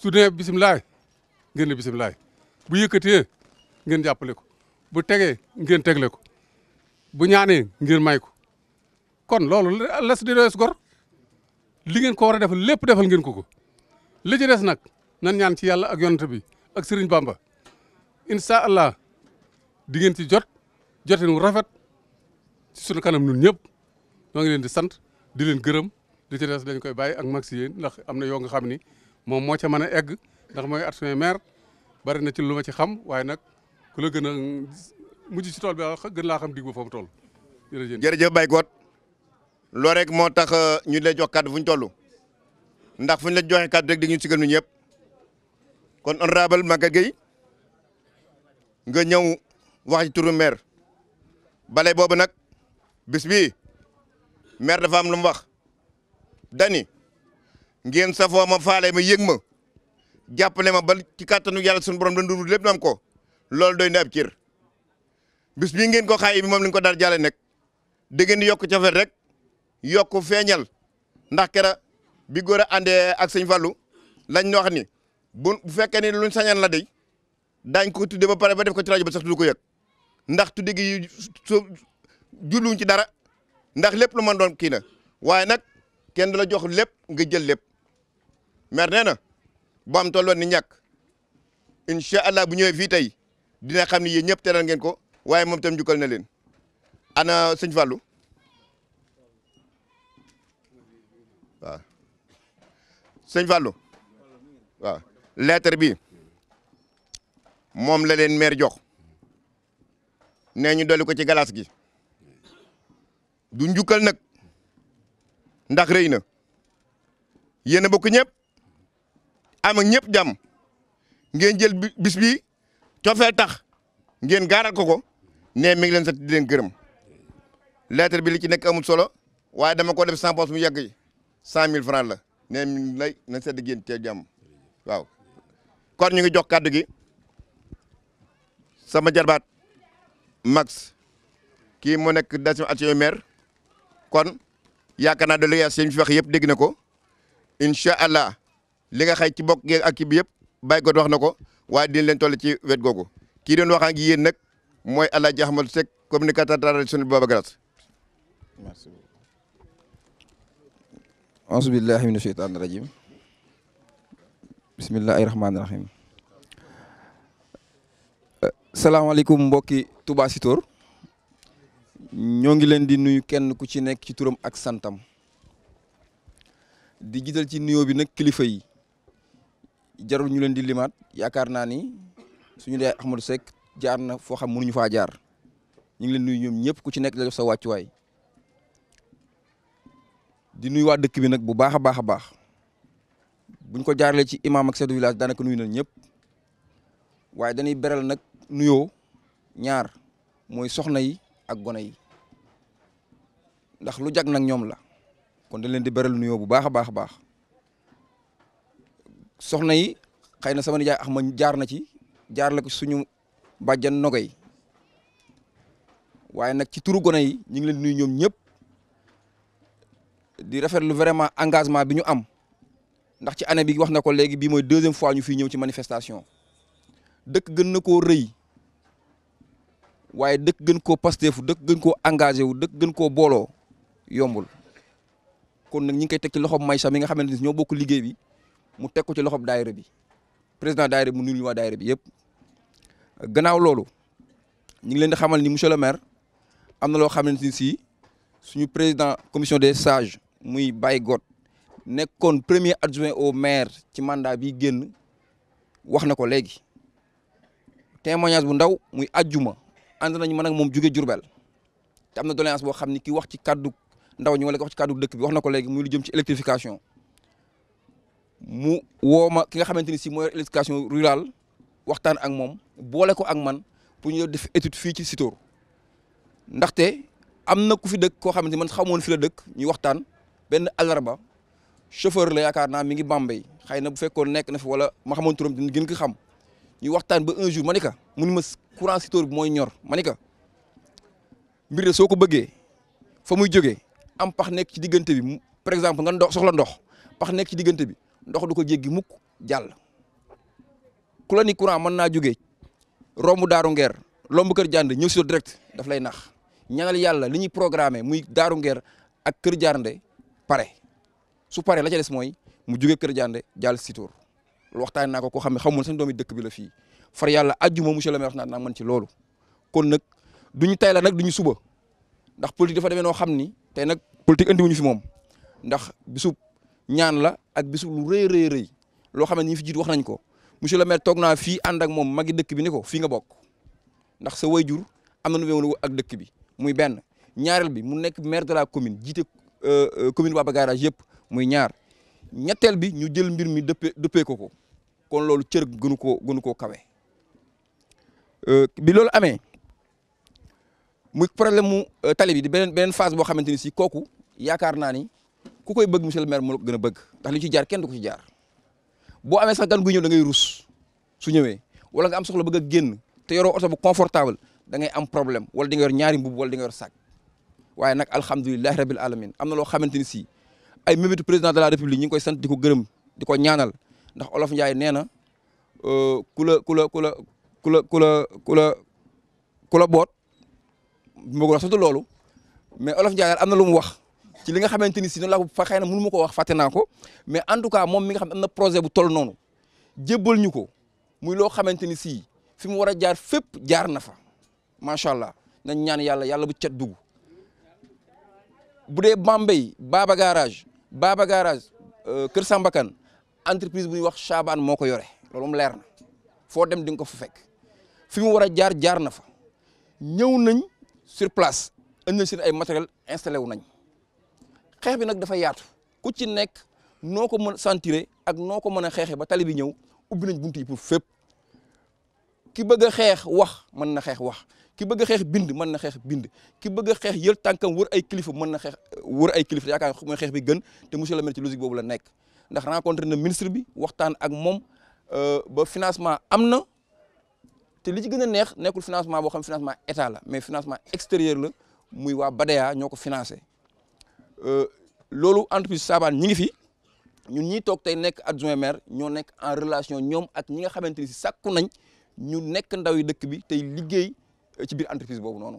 su dee bisimilah ngeen ne bisimilah bu yëkkatee ngeen jàppale ko bu tegee ngeen tegle ko bu ñaanee ngeen may ko kon loolu les di doyes gor li ngeen ko war a defal lépp defal ngeen ko ko li ci des nag nan ñaan ci yàlla ak yonent bi ak Sëriñ Bamba incha allah di ci jot jotin wu rafet ci sunu kanam ñun ñëpp. ñoo ngi leen di sant di leen gërëm li ci des dañ koy bàyyi ak Maxi yéen ndax am na yoo nga xam ni moom moo ca mën a egg ndax mooy adjoint maire bari na ci lu ma ci xam waaye nag ku la gën a mujj ci tool bi gën laa xam digg ba fa mu toll jërëjëf. loolu rek moo tax euh, ñu lay jox kàddu fu ñu toll ndax fu ñu la joxee kàddu rek di ñu sigal ñu ñëpp kon honorable Maguette Gueye nga ñëw wax ci turu bale boobu nag bis maire dafa am lu mu wax dani ngeen safoo ma faale ma yëg ma jàppale ma ba ci kàttanu yàlla suñu borom dandu lépp na am ko loolu doy na ab cër bis bii ngeen ko xaay bi moom lañ ko dar jàlle nekk da ngeen di yokk cofet rek yokk feeñal ndax kera bi góor a àndee ak sëñ Fallou lañ ñu wax ni bu bu fekkee ni luñ sañan la dey daañ ko tuddee ba pare ba def ko ci rajo ba sax du ko yëg ndax tudde gi jubluñ ci dara ndax lépp lu man doon kii na waaye nag kenn du la jox lépp nga jël lépp maire nee na bu am tolloon ni ñàkk incha allah bu ñëwee fii tey dina xam ni yéen ñëpp teral ngeen ko waaye moom tam njukkal na leen ana sëñ Fallou waaw sëñ Fallou waaw lettre bi moom la leen maire jox nee ñu dolli ko ci galas gi. du njukkal nag ndax rëy na yéen a bokk ñëpp am ñëpp jàmm ngeen jël bis bi cofee tax ngeen gaaral ko ko ne mi ngi leen sant di leen gërëm lettre bi li ci nekk amul solo waaye dama ko def sans poche mu yàgg yi cent mille francs la ne mi ngi lay na sedd génn te jàmm waaw kon ñu ngi jox kàddu gi sama jarbaat Max kii moo nekk deuxième kon yaakaar naa délégation yi fi wax yëpp dégg na ko incha allah li nga xay ci bokk geeg ak kii bi yëpp bàyyi ko wax na ko waaye dina leen toll ci wet googu kii doon wax ak yéen nag mooy El Hadj Ahmadou Seck communicateur traditionnel Baba Garage. auzu billahi mina sheytaani rajim bismillahi rahmaani rahim mbokki Touba Sitor ñoo ngi leen di nuyu kenn ku ci nekk ci turam ak santam di jiital ci nuyoo bi nag kilifa yi jarul ñu leen di limaat yaakaar naa ni suñu dee Ahmadou Seck jaar na foo xam mënuñu faa jaar ñu ngi leen nuyu ñoom ñëpp ku ci nekk la jox sa di nuyu dëkk bi nag bu baax a baax a baax buñ ko jaarale ci imam ak chef de nuyu na ñëpp waaye dañuy beral nag nuyoo ñaar mooy soxna yi ak gone yi ndax lu jag nag ñoom la kon dañ leen di beral nuyoo bu baax a baax a baax soxna yi xëy na sama nijaay ax ma jaar na ci jaar la ko suñu bàjjan nogay waaye nag ci turu gone yi ñu ngi leen di nuyu ñoom ñëpp di rafetlu vraiment engagement bi ñu am ndax ci année bi wax na ko léegi bii mooy deuxième fois ñu fi ñëw ci manifestation dëkk gën na koo rëy waaye dëkk gën ko koo pasteefu dëkk gën koo engagé wu dëkk gën koo booloo yombul kon nag ñi ngi koy teg ci loxob sax mi nga xamante ni ñoo bokk liggéey bi mu teg ko ci loxob daayira bi président daayira bi mu nuyu waa daayira bi yëpp gannaaw loolu ñu ngi leen di xamal ni monsieur le maire am na loo xamante ni si suñu président commission des sages muy Baye nekkoon premier adjoint au maire ci mandat bi génn wax na ko léegi témoignage bu ndaw muy ajjuma ànd nañu man ak moom jugee Jurbel te am na doléance boo xam ni kii wax ci kaddu ndaw ñu ma la ko wax ci dëkk bi wax na ko léegi muy lu jëm ci électrification mu woo ma ki nga xamante ni si mooy électrification rural waxtaan ak moom boole ko ak man pour ñu def étude fii ci Sitor ndaxte am na ku fi dëkk koo xamante ni man xamoon fi la dëkk ñu waxtaan benn àllarba chauffeur la yaakaar naa mi ngi bambay xëy na bu fekkoon nekk na fi wala ma xamoon turam dina gën ko xam ñu waxtaan ba un jour ma ni ka mu ni ma courant Sitor bi mooy ñor ma ni ka mbir de soo ko bëggee fa muy jógee. am pax nekk ci diggante bi par exemple nga ndox soxla ndox pax nekk ci diggante bi ndox du ko jéggi mukk jàll ku la ni courant mën naa jógee romb daaru ngeer lomb kër jànd ñëw sur direct daf lay nax ñaanal yàlla li ñuy programmé muy daaru ngeer ak kër jaarnde pare su pare la ca des mooy mu jóge kër jaarnde jàll si Sitoor waxtaan naa ko koo xam ne xamul seen doomi dëkk bi la fii far yàlla àjjuma monsieur le maire wax naa naa mën ci loolu kon nag duñu ñu la nag ñu suba ndax politique dafa demee noo xam ni tey nag politique andiwuñu fi moom ndax bisub ñaan la ak bisub lu rëy rëy loo xam ne ñi fi jiitu wax nañ ko monsieur le maire toog naa fii ànd ak moom magi dëkk bi ni ko fii nga bokk ndax sa jur am na nu wéwlu ak dëkk bi muy benn ñaareel bi mu nekk maire de la commune jiite euh, euh, commune Baba Garage yëpp muy ñaar ñetteel bi ñu jël mbir mi dëppee dëppee ko ko kon loolu cër gënu koo gënu koo kawe euh, bi loolu amee. muy problème mu euh, tali bi di beneen beneen phase boo xamante ni si kooku yaakaar naa ni ku koy bëgg monsieur le maire moo gën a bëgg ndax li ci jaar kenn du ko ci jaar boo am sax gan guy ñëw da ngay rus su ñëwee wala nga am soxla bëgg a génn te yoroo oto bu confortable dangay am problème wala di nga yor ñaari mbubb wala di nga yor sac waaye nag alhamdulilahi rabil alamin am na loo xamante ni si ay mébétu président de la république ñi ngi koy sant di ko gërëm di ko ñaanal ndax olof Ndiaye nee na ku euh, ku la ku la ku la ku la ma ko wax loolu mais olof Ndiaye am na lu mu wax ci li nga xamante ni si noonu laa ko fa xëy na mënu ma ko wax fàtte naa ko mais en tout cas moom xam ne na projet bu toll noonu jébbal ñu ko muy loo xamante ni si fi mu war a jaar fépp jaar na fa macha allah nañ ñaan yàlla yàlla bu cet dugg dee Bambey Baba Garage Baba euh, Kër Sambakan entreprise bu ñuy wax Chaban moo ko yore loolu moom leer na foo dem dinga nga ko fa fekk fi mu war a jaar jaar na fa ñëw nañ. sur place indi seen ay matériel installé wu nañ xeex bi nag dafa yaatu ku ci nekk noo ko mën sentiré ak noo ko mën a xeexee ba tali bi ñëw ubbi nañ bunt yi pour fépp ki bëgg a xeex wax mën na xeex wax ki bëgg xeex bind mën na xeex bind ki bëgg a xeex yël tànkam wër ay kilifa mën na xeex wër ay kilifa yaakaar mooy xeex bi gën te monsieur le maire logique boobu la nekk ndax rencontré na ministre bi waxtaan ak moom euh, ba financement am na te li ci gën a neex nekkul financement boo xam financement état la mais financement extérieur la muy waa Badea ñoo ko financé euh, loolu entreprise Saabaan ñi ngi fi ñun ñiy toog tey nekk adjoint maire ñoo nekk en relation ñoom ak ñi nga xamante ni si sàkku nañ ñu nekk ndaw yi dëkk bi tey liggéey euh, ci biir entreprise boobu noonu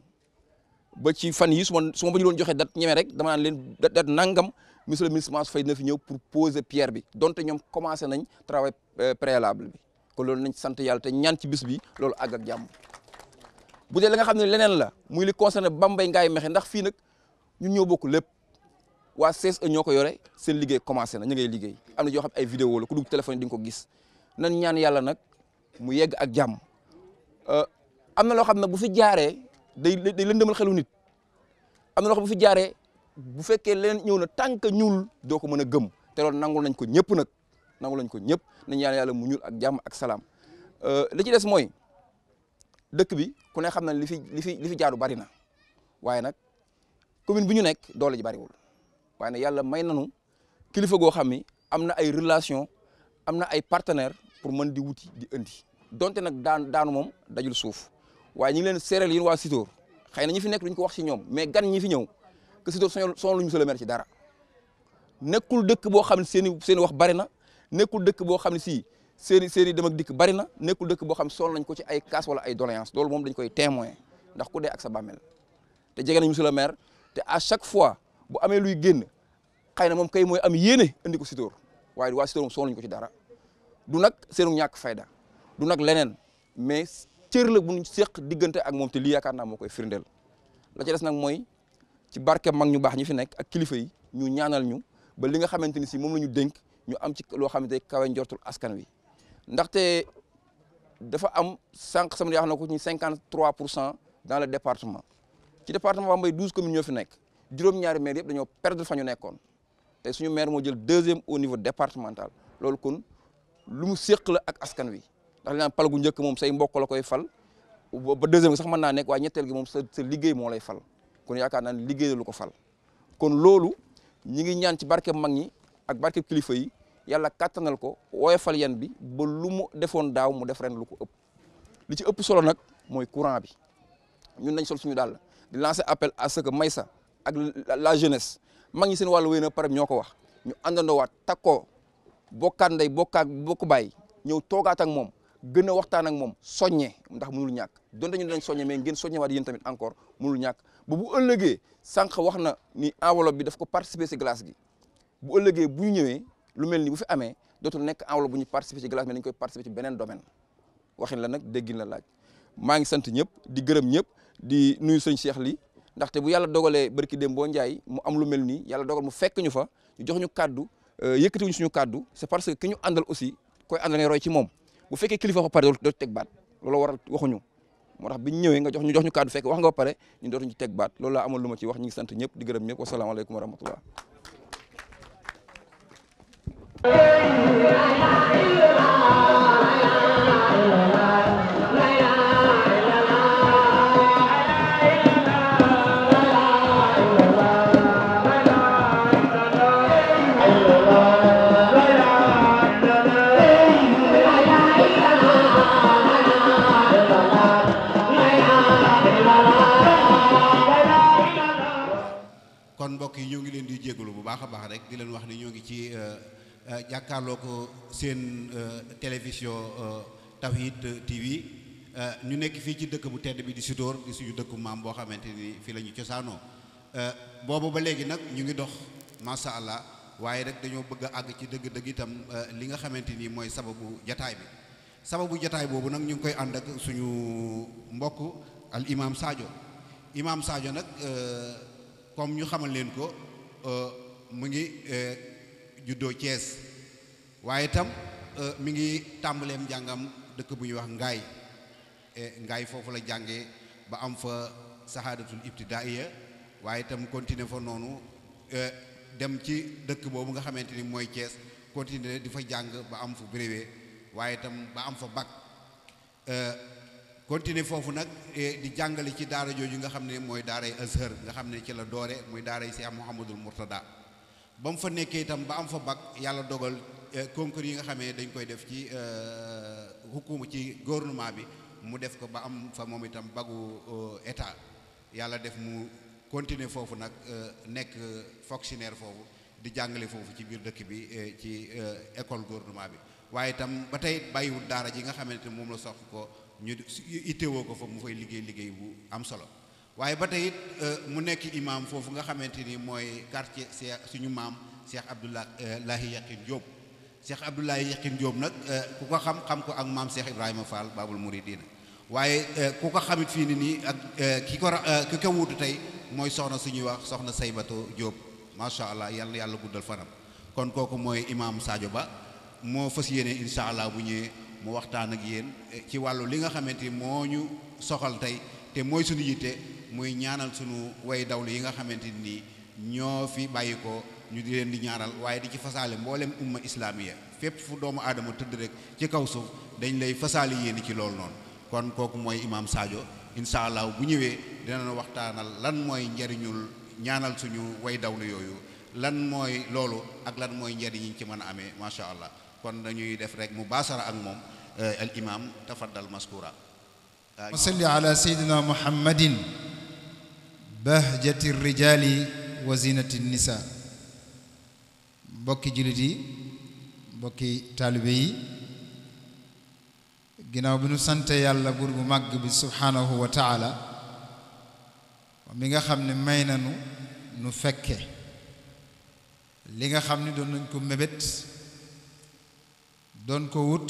ba ci fan yi su ma su ma bañu doon joxe date ñeme rek dama leen date nangam monsieur le fay Mansour fi ñëw pour poser pierre bi donte ñoom commencé nañ travail euh, préalable bi kon loolu nañ sant yàlla te ñaan ci bis bi loolu àgg ak jàmm bu dee la nga xam ne leneen la muy li concerné Bambey Ngaay Mexe ndax fii nag ñun ñoo bokk lépp waa CSE ñoo ko yore seen liggéey commencé na ñu ngay liggéey am na yoo xam ay vidéo la ku dugg téléphone di nga ko gis nan ñaan yàlla nag mu yegg ak jàmm euh, am na loo xam ne bu fi jaaree day day lëndëmal xelu nit am na loo xam bu fi jaaree bu fekkee leneen ñëw na tànk ñuul doo ko mën a gëm te loolu nangul nañ ko ñëpp nag nangu lañ ko ñëpp nañ yàlla yàlla mu ñuul ak jàmm ak salaam euh, li ci des mooy dëkk bi ku ne xam na li fi li fi li fi jaaru bari na waaye nag commune bi ñu nekk doole ji bariwul waaye nag yàlla may nanu kilifa goo xam ni am na ay relation am na ay partenaire pour mën di wuti di indi donte nag daan daanu moom dajul suuf waaye ñu leen séeréel yéen waa Sitor xëy na ñi fi nekk duñ ko wax si ñoom mais gan ñi fi ñëw que Sitor soo luñu monsieur le maire ci dara nekkul dëkk boo xam ne seen i seen wax bari na nekkul dëkk boo xam ne si séeri séeri dem ak dikk bari na nekkul dëkk boo xam ne sol nañ ko ci ay casse wala ay doléance loolu moom dañ koy témoin ndax ku dee ak sa bàmmeel te jege nañ monsieur te à chaque fois bu amee luy génn xëy na moom kay mooy am yéene andi ko Sitor waaye waa Sitor moom sol nañ ko ci dara du nag seenu ñàkk fayda du nag leneen mais cër la bu ñu seq diggante ak moom te yaakaar naa moo koy firndeel la ci des nag mooy ci barke mag ñu baax ñi fi nekk ak kilifa yi ñu ñaanal ñu ba li nga xamante ni si moom la ñu dénk ñu am ci loo xamante ne kawe njortul askan wi ndaxte dafa am sànq sama wax na ko cinquante trois pour cent dans le département ci département Bambey 12 communes ñoo fi nekk juróom-ñaari maire yëpp dañoo perdre fa ñu nekkoon te suñu maire moo jël deuxième au niveau départemental loolu kon lu mu séq la ak askan wi ndax li naan pal njëkk moom say mbokk la koy fal ba deuxième sax mën naa nekk waaye ñetteel gi moom sa sa liggéey moo lay fal kon yaakaar naa ne liggéey la lu ko fal kon loolu ñi ngi ñaan ci barke mag ñi ak barkeb kilifa yi yàlla kàttanal ko woyofal yan bi ba lu mu defoon daaw mu def ren lu ko ëpp li ci ëpp solo nag mooy courant bi ñun nañ sol suñu daal di lancer appel à ce que Maysa ak la jeunesse mag ñi seen wàllu wéy na ñoo ko wax ñu àndandoowaat takkoo bokkaat boo bokkaat bokk bàyyi ñëw toogaat ak moom gën a waxtaan ak moom soñe ndax mënul ñàkk donte ñu nañ soñe mais ngeen soññewaat yéen tamit encore mënul ñàkk ba bu ëllëgee sànq wax na ni enveloppe bi daf ko participer si glace bu ëllëgee bu ñu ñëwee lu mel ni bu fi amee dootul nekk enveloppe bu ñu participer ci glace koy participer ci beneen domaine waxin la nag déggin la laaj maa ngi sant ñëpp di gërëm ñëpp di nuyu sëñ Cheikh li ndaxte bu yàlla dogalee barki dem boo njaay mu am lu mel nii yàlla dogal mu fekk ñu fa jox ñu kàddu euh, yëkkatiwuñu suñu kàddu c'est parce que ki ñu àndal aussi koy ci moom bu fekkee kilifa fa pare dootu teg baat loolu waral ñu jox ñu kàddu fekk wax nga ba pare ñu dootuñu teg baat loolu laa amoon lu ma ci wax ñu ngi sant ñëpp di gërëm ñëpp wasalaamaaleykum wa rahmatullah kon mbokk yi ñoo ngi leen di jégalu bu baax a baax rek di leen wax ne ñoo ngi ci euh, Euh, jàkkaarloo ko seen euh, télévision euh, Tawhid TV ñu nekk fii ci dëkk bu tedd bi di Sitor di suñu dëkku maam boo xamante ni fii la ñu cosaanoo boobu ba léegi nag ñu ngi dox macha allah waaye rek dañoo bëgg a àgg ci dëgg-dëgg itam li nga xamante ni mooy sababu jataay bi sababu jataay boobu nag ñu ngi koy ànd ak suñu mbokk al imaam Sadio imaam Sadio nag comme ñu xamal leen ko mu ngi. juddoo Thiès waaye itam euh, mi ngi tàmbaleem njàngam dëkk bu ñuy wax ngaay ngaay foofu la jànge ba am fa saxaadatul ibtidaaiya waaye itam continuer fa noonu euh, dem ci dëkk boobu nga xamante ni mooy Thiès continuer di fa jàng ba am fu brevet waaye tam ba am fa bac euh, continuer foofu nag di jàngale ci daara jooju nga xam ne mooy daaray Azhar nga xam ne ci la doore muy daaray Cheikh Mouhamadul Mourtada ba mu fa nekkee itam ba am fa bac yàlla dogal eh, concours yi nga xamee dañ koy def ci eh, hukumu ci gouvernement bi mu def ko ba am fa moom itam bagu eh, état yàlla def mu continuer foofu nag nekk fonctionnaire foofu di jàngale foofu ci biir dëkk bi ci école gouvernement bi waaye itam ba tey bàyyiwul daara ji nga xamante moom la sox ko ñu ittewoo ko fa mu fay liggéey liggéey bu am solo waaye ba tey it euh, mu nekk imaam foofu nga xamante ni mooy quartier suñu maam Cheikh Abdoulahi euh, Yakhine jóob Cheikh Abdoulahi Yakhine jóob nag euh, ku ko xam xam ko ak maam Cheikh Ibrahima Fall Babul Mouridina waaye ku ko xamit fii ni nii ak ki ko ki ko wuutu tey mooy soxna suñu wax soxna Saybato Diop macha allah yàlla yàlla guddal fanam kon kooku mooy imaam Sadio Ba moo fas yéene incha allah bu ñëwee mu waxtaan ak yéen eh, ci wàllu li nga xamante ni moo ñu soxal tey te muy ñaanal sunu way dawlu yi nga xamante ni ñoo fi bàyyi ko ñu di leen di ñaanal waaye di ci fasaale mbooleem umma islaamiya fépp fu doomu aadama tëdd rek ci kaw suuf dañ lay fasaale yéen ci lool noonu kon kooku mooy imaam Sadio incha allah bu ñëwee dinañ waxtaanal lan mooy njariñul ñaanal suñu way dawlu yooyu lan mooy loolu ak lan mooy njariñ yi ci mën a amee macha allah kon dañuy def rek mu baasara ak moom eh, al imaam tafaddal maskura. salli ala sayyidina bahjati rijaali wa zinati nisa mbokki jullit yi mbokki taalibe yi ginnaaw bi nu sante yàlla buur bu màgg bi subhaanahu wa taala mi nga xam ne may nanu nu fekke li nga xam ni doon nañ ko mébét doon ko wut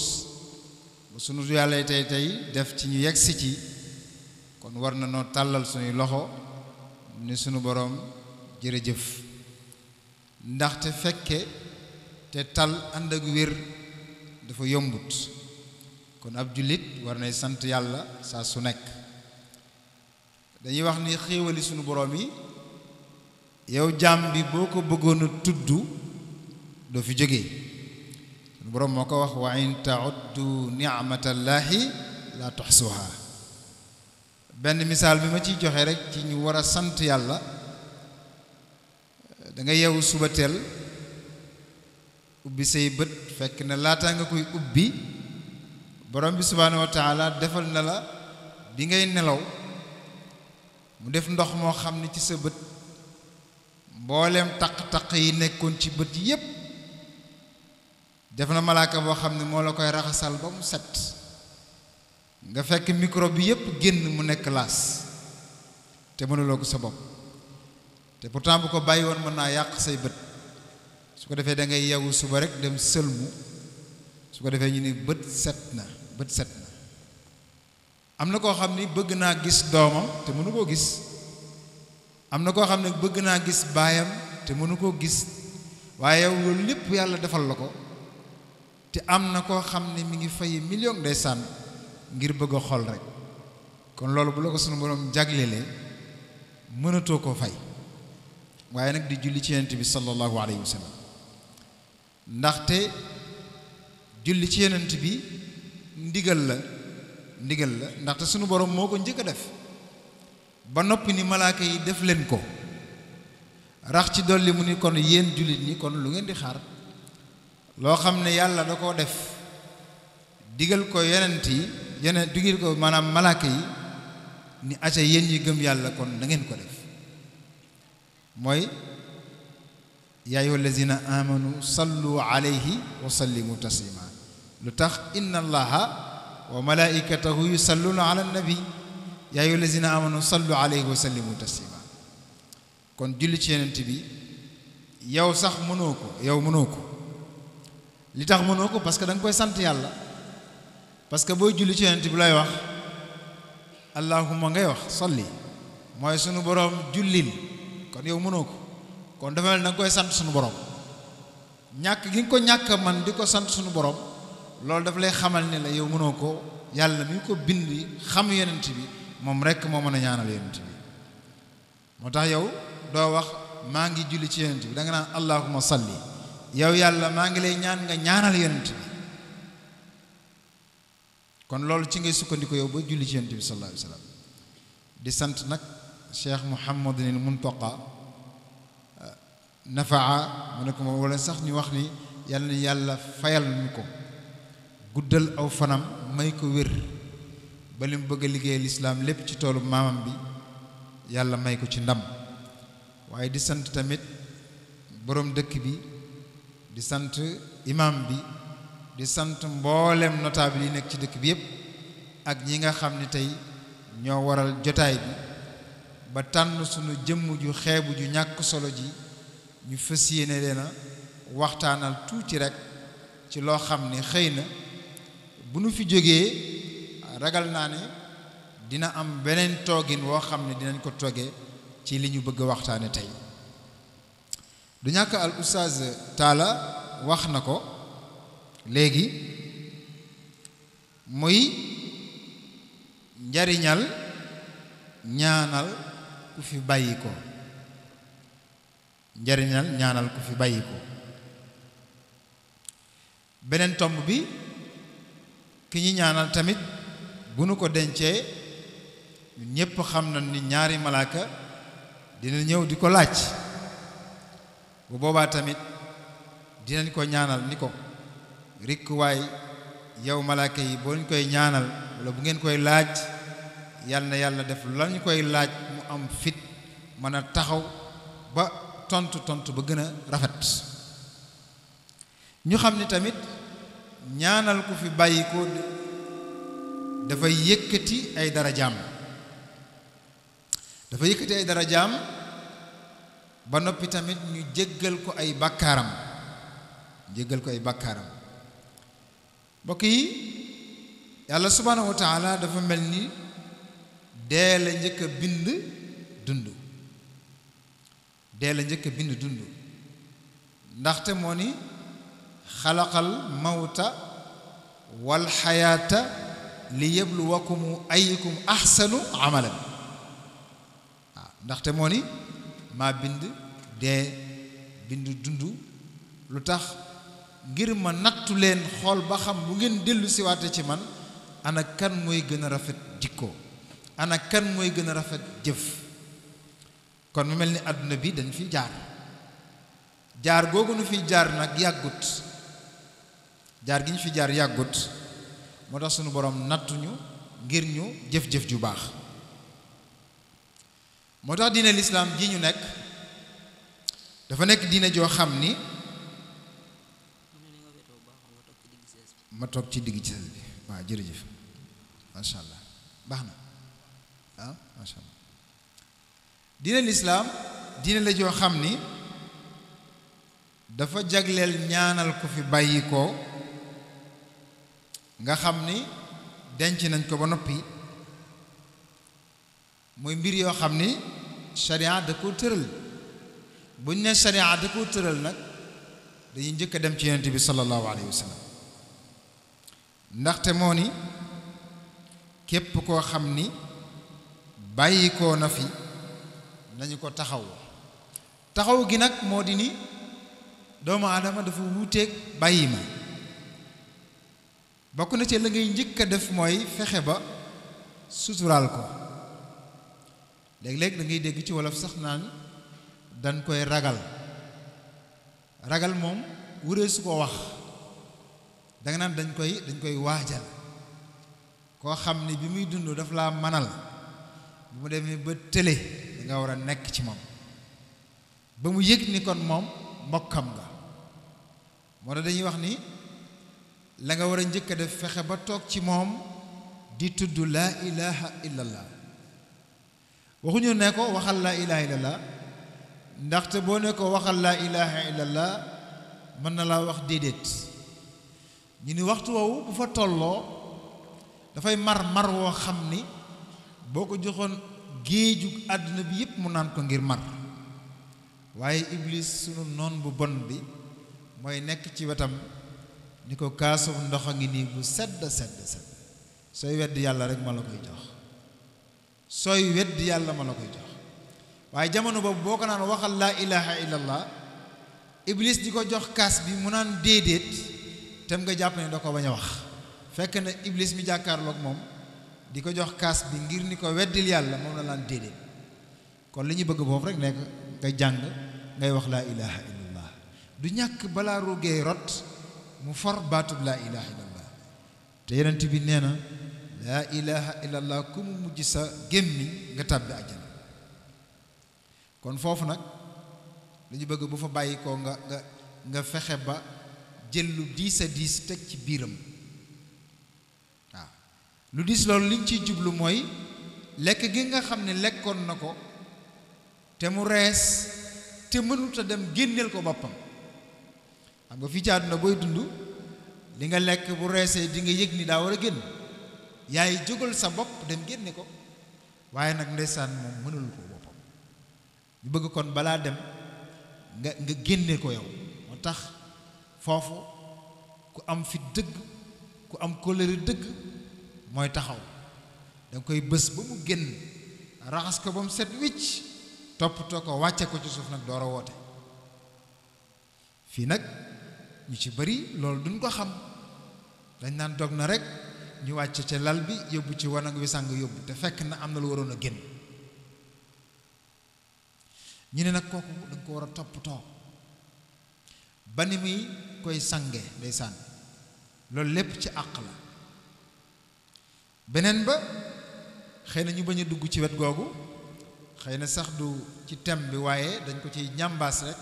ba sunu yàlla tey tey def ci ñu yegsi ci kon war na noo tàllal suñuy loxo ni sunu boroom jërëjëf ndaxte fekke te tal ànd ak wér dafa yombut kon ab jullit war nay sant yàlla saa su nekk dañuy wax ni xéewali sunu boroom yi yow jaam bi boo ko bëggoon a tudd doo fi jóge sunu boroom moo ko wax wa in laa ni'matallahi la tuhsuha benn misaal bi ma ciy joxee rek ci ñu war a sant yàlla danga nga suba teel ubbi say bët fekk na laataa nga koy ubbi borom bi subhaanahu wa defal na la bi ngay nelaw mu def ndox moo xam ne ci sa bët mbooleem taq-taq yi nekkoon ci bët yépp def na malaaka boo xam ne moo la koy raxasal ba mu set nga fekk micro bi yépp génn mu nekk laas te mënuloo ko sa bopp te pourtant bu ko bàyyi woon mën naa yàq say bët su ko defee dangay ngay suba rek dem sëlmu su ko defee ñu ni bët set na bët set na am na koo xam ni bëgg naa gis doomam te mënu koo gis am na koo xam ne bëgg naa gis baayam te mënu koo gis waaye yow loolu lépp yàlla defal la ko te am na koo xam ne mu ngi fay million ndeysaan ngir bëgg a xool rek kon loolu bu la ko sunu borom jaglelee mënatoo ko fay waaye nag di julli ci yonent bi sallallahu alayhi wa sallam ndaxte julli ci yonent bi ndigal la ndigal la ndaxte sunu borom moo ko njëkk a def ba noppi ni malaaka yi def leen ko rax ci dolli mu ni kon yéen jullit ñi kon lu ngeen di xaar loo xam ne yàlla da koo def digal ko yenent yi yeneen digil ko maanaam malaaka yi ni aca yéen ñi gëm yàlla kon da ngeen ko def mooy yaa ayyuha allazina amanu sallu alayhi wa sallimu taslima lu tax inna allaha wa malaikatahu yusalluna ala nabi yaa ayyuha allazina amanu sallu alayhi wa sallimu kon julli ci yenent bi yow sax mënoo ko yow mënoo ko li tax mënoo ko parce que da nga koy sant yàlla parce que booy julli ci yonent bi lay wax allahumma ngay wax solli mooy suñu borom jullil kon yow mënoo ko kon dafa mel nga koy sant suñu borom ñàkk gi nga ko ñàkk man di ko sant suñu borom loolu daf lay xamal ne la yow mënoo ko yàlla mi ko bind xam yonent bi moom rekk moo mën a ñaanal yonent bi moo tax yow doo wax maa ngi julli ci yonent bi da nga naan allahumma salli yow yàlla maa ngi lay ñaan nga ñaanal yonent bi kon loolu ci ngay sukkandiku yow ba julli ci yonent bi sallallahu alayhi wa sallam di sant nag cheikh Mouhamadinil Muntaqa eh, nafaa mu ne ko walla sax ñu wax ni yàlla na yàlla fayal ñu ko guddal aw fanam may ko wér ba mu bëgg a liggéey lislaam lépp ci toolu maamam bi yàlla may ko ci ndam waaye di sant tamit boroom dëkk bi di sant imam bi di sant mboolem notable yi nekk ci dëkk bi yépp ak ñi nga xam ne tey ñoo waral jotaay bi ba tànn sunu jëmm ju xeebu ju ñàkk solo ji ñu fas yéene leen a waxtaanal tuuti rekk ci loo xam ne xëy na bu nu fi jógee ragal naa ne dina am beneen toogin woo xam ne dinañ ko toggee ci li ñu bëgg waxtaane tey du ñàkk al oustaz Talla wax na ko léegi muy njariñal ñaanal ku fi bàyyi ko njariñal ñaanal ku fi bàyyi ko beneen tomb bi ki ñu ñaanal tamit bu nu ko dencee ñépp xam na ni ñaari malaaka dina ñëw di ko laaj bu boobaa tamit dinañ ko ñaanal ni ko rikkuwaay yow malaake yi boo ñu koy ñaanal wala bu ngeen koy laaj yal na yàlla def lañ koy laaj mu am fit mën a taxaw ba tontu tontu ba gën a rafet ñu xam ni tamit ñaanal ku fi bàyyi ko dafay yëkkati ay darajaam dafa yëkkati ay darajaam ba noppi tamit ñu jéggal ko ay bàkkaaram jéggal ko ay bàkkaaram mbokk yi yàlla subhaanahu wa dafa mel ni dee la njëkk bind dund dee la njëkk bind dund ndaxte moo ni xalaqal mawta wal xayaata li yabluwakum ayukum axsanu amalan waaw ndaxte moo ni maa bind dee bind dund lu tax ngir ma nattu leen xool ba xam bu ngeen dellu siwaate ci man ana kan mooy gën a rafet jikko anak kan mooy gën a rafet jëf kon mu mel ni àdduna bi dañ fi jaar jaar googu nu fi jaar nag yàggut jaar gi ñu fi jaar yàggut moo tax sunu boroom nattuñu ngir ñu jëf-jëf ju baax moo tax diine lislaam ji ñu nekk dafa nekk diine joo xam ni ma toog ci digg ci sas bi waaw jërëjëf macha allah baax na ah macha allah diine lislaam diine la joo xam ni dafa jagleel ñaanal ko fi bàyyi ko nga xam ni denc nañ ko ba noppi mooy mbir yoo xam ni sharia da koo tëral bu ñu ne sharia da koo tëral nag dañuy njëkk a dem ci yonent bi sallallahu alayhi wa sallam ndaxte moo ni képp koo xam ni bàyyi na fi nañu ko taxaw taxaw gi nag moo di ni doomu aadama dafa wuuteeg bàyyi ma bokk na ci la ngay njëkk a def mooy fexe ba suturaal ko léeg-léeg dangay dégg ci wolof sax naan dañ koy ragal ragal moom wuree su ko wax danga nga naan dañ koy dañ koy waajal koo xam ni bi muy dund daf laa manal bu mu demee ba tële da nga war a nekk ci moom ba mu yëg ni kon moom mbokkam nga moo tax dañuy wax ni la nga war a njëkk a def fexe ba toog ci moom di tudd laa ilaha illallah waxuñu ne ko waxal laa ilaha illallah ndaxte boo ne ko waxal laa ilaha illallah mën na laa wax déedéet ñu ni waxtu woowu bu fa tolloo dafay mar mar woo xam ni boo ko joxoon géeju àdduna bi yépp mu naan ko ngir mar waaye iblis sunu noon bu bon bi mooy nekk ci wetam ni ko kaasum ndox a ngi nii bu sedd sedd sedd sooy wedd yàlla rek ma la koy jox sooy wedd yàlla ma la koy jox waaye jamono boobu boo ko naan waxal laa ilaha illallah iblis di ko jox kaas bi mu naan déedéet dem nga jàpp ne da ko bañ a wax fekk na iblis mi jàkkaarloog moom di ko jox kaas bi ngir ni ko weddil yàlla moom na laan déedéet kon li ñu bëgg foofu rek nekk nga jàng ngay wax laa ilaha illallah du ñàkk balaa ruugee rot mu for baatub laa ilaha illallah te yenent bi nee na laa ilaha illallah ku mu mujj sa gémmiñ nga tàbbi àjjana kon foofu nag li ñu bëgg bu fa bàyyi ko nga nga fexe ba jël lu diis a diis teg ci biiram waaw lu diis loolu liñ ciy jublu mooy lekk gi nga xam ne lekkoon na ko te mu rees te mënut dem génneel ko boppam xam nga fii ci àdduna booy dund li nga lekk bu reesee di nga yëg ni daa war a génn yaay jógal sa bopp dem génne ko waaye nag ndeysaan moom mënul ko boppam ñu bëgg kon balaa dem nga nga génne ko yow moo tax foofu ku am fit dëgg ku am kóllëre dëgg mooy taxaw da koy bés ba mu génn raxas ko ba mu set wicc toppatoo ko wàcce ko ci suuf nag door a woote fii nag ñu ci bari loolu duñ ko xam dañ naan dog na rek ñu wàcce ca lal bi yóbbu ci wanag wi sàng yóbbu te fekk na am na lu waroon a génn ñu ne nag kooku da ko war a toppatoo ba ni muy koy sange ndeysaan loolu lépp ci àq la beneen ba xëy na ñu bañ a dugg ci wet googu xëy na sax du ci tem bi waaye dañ ko ciy ñambaas rek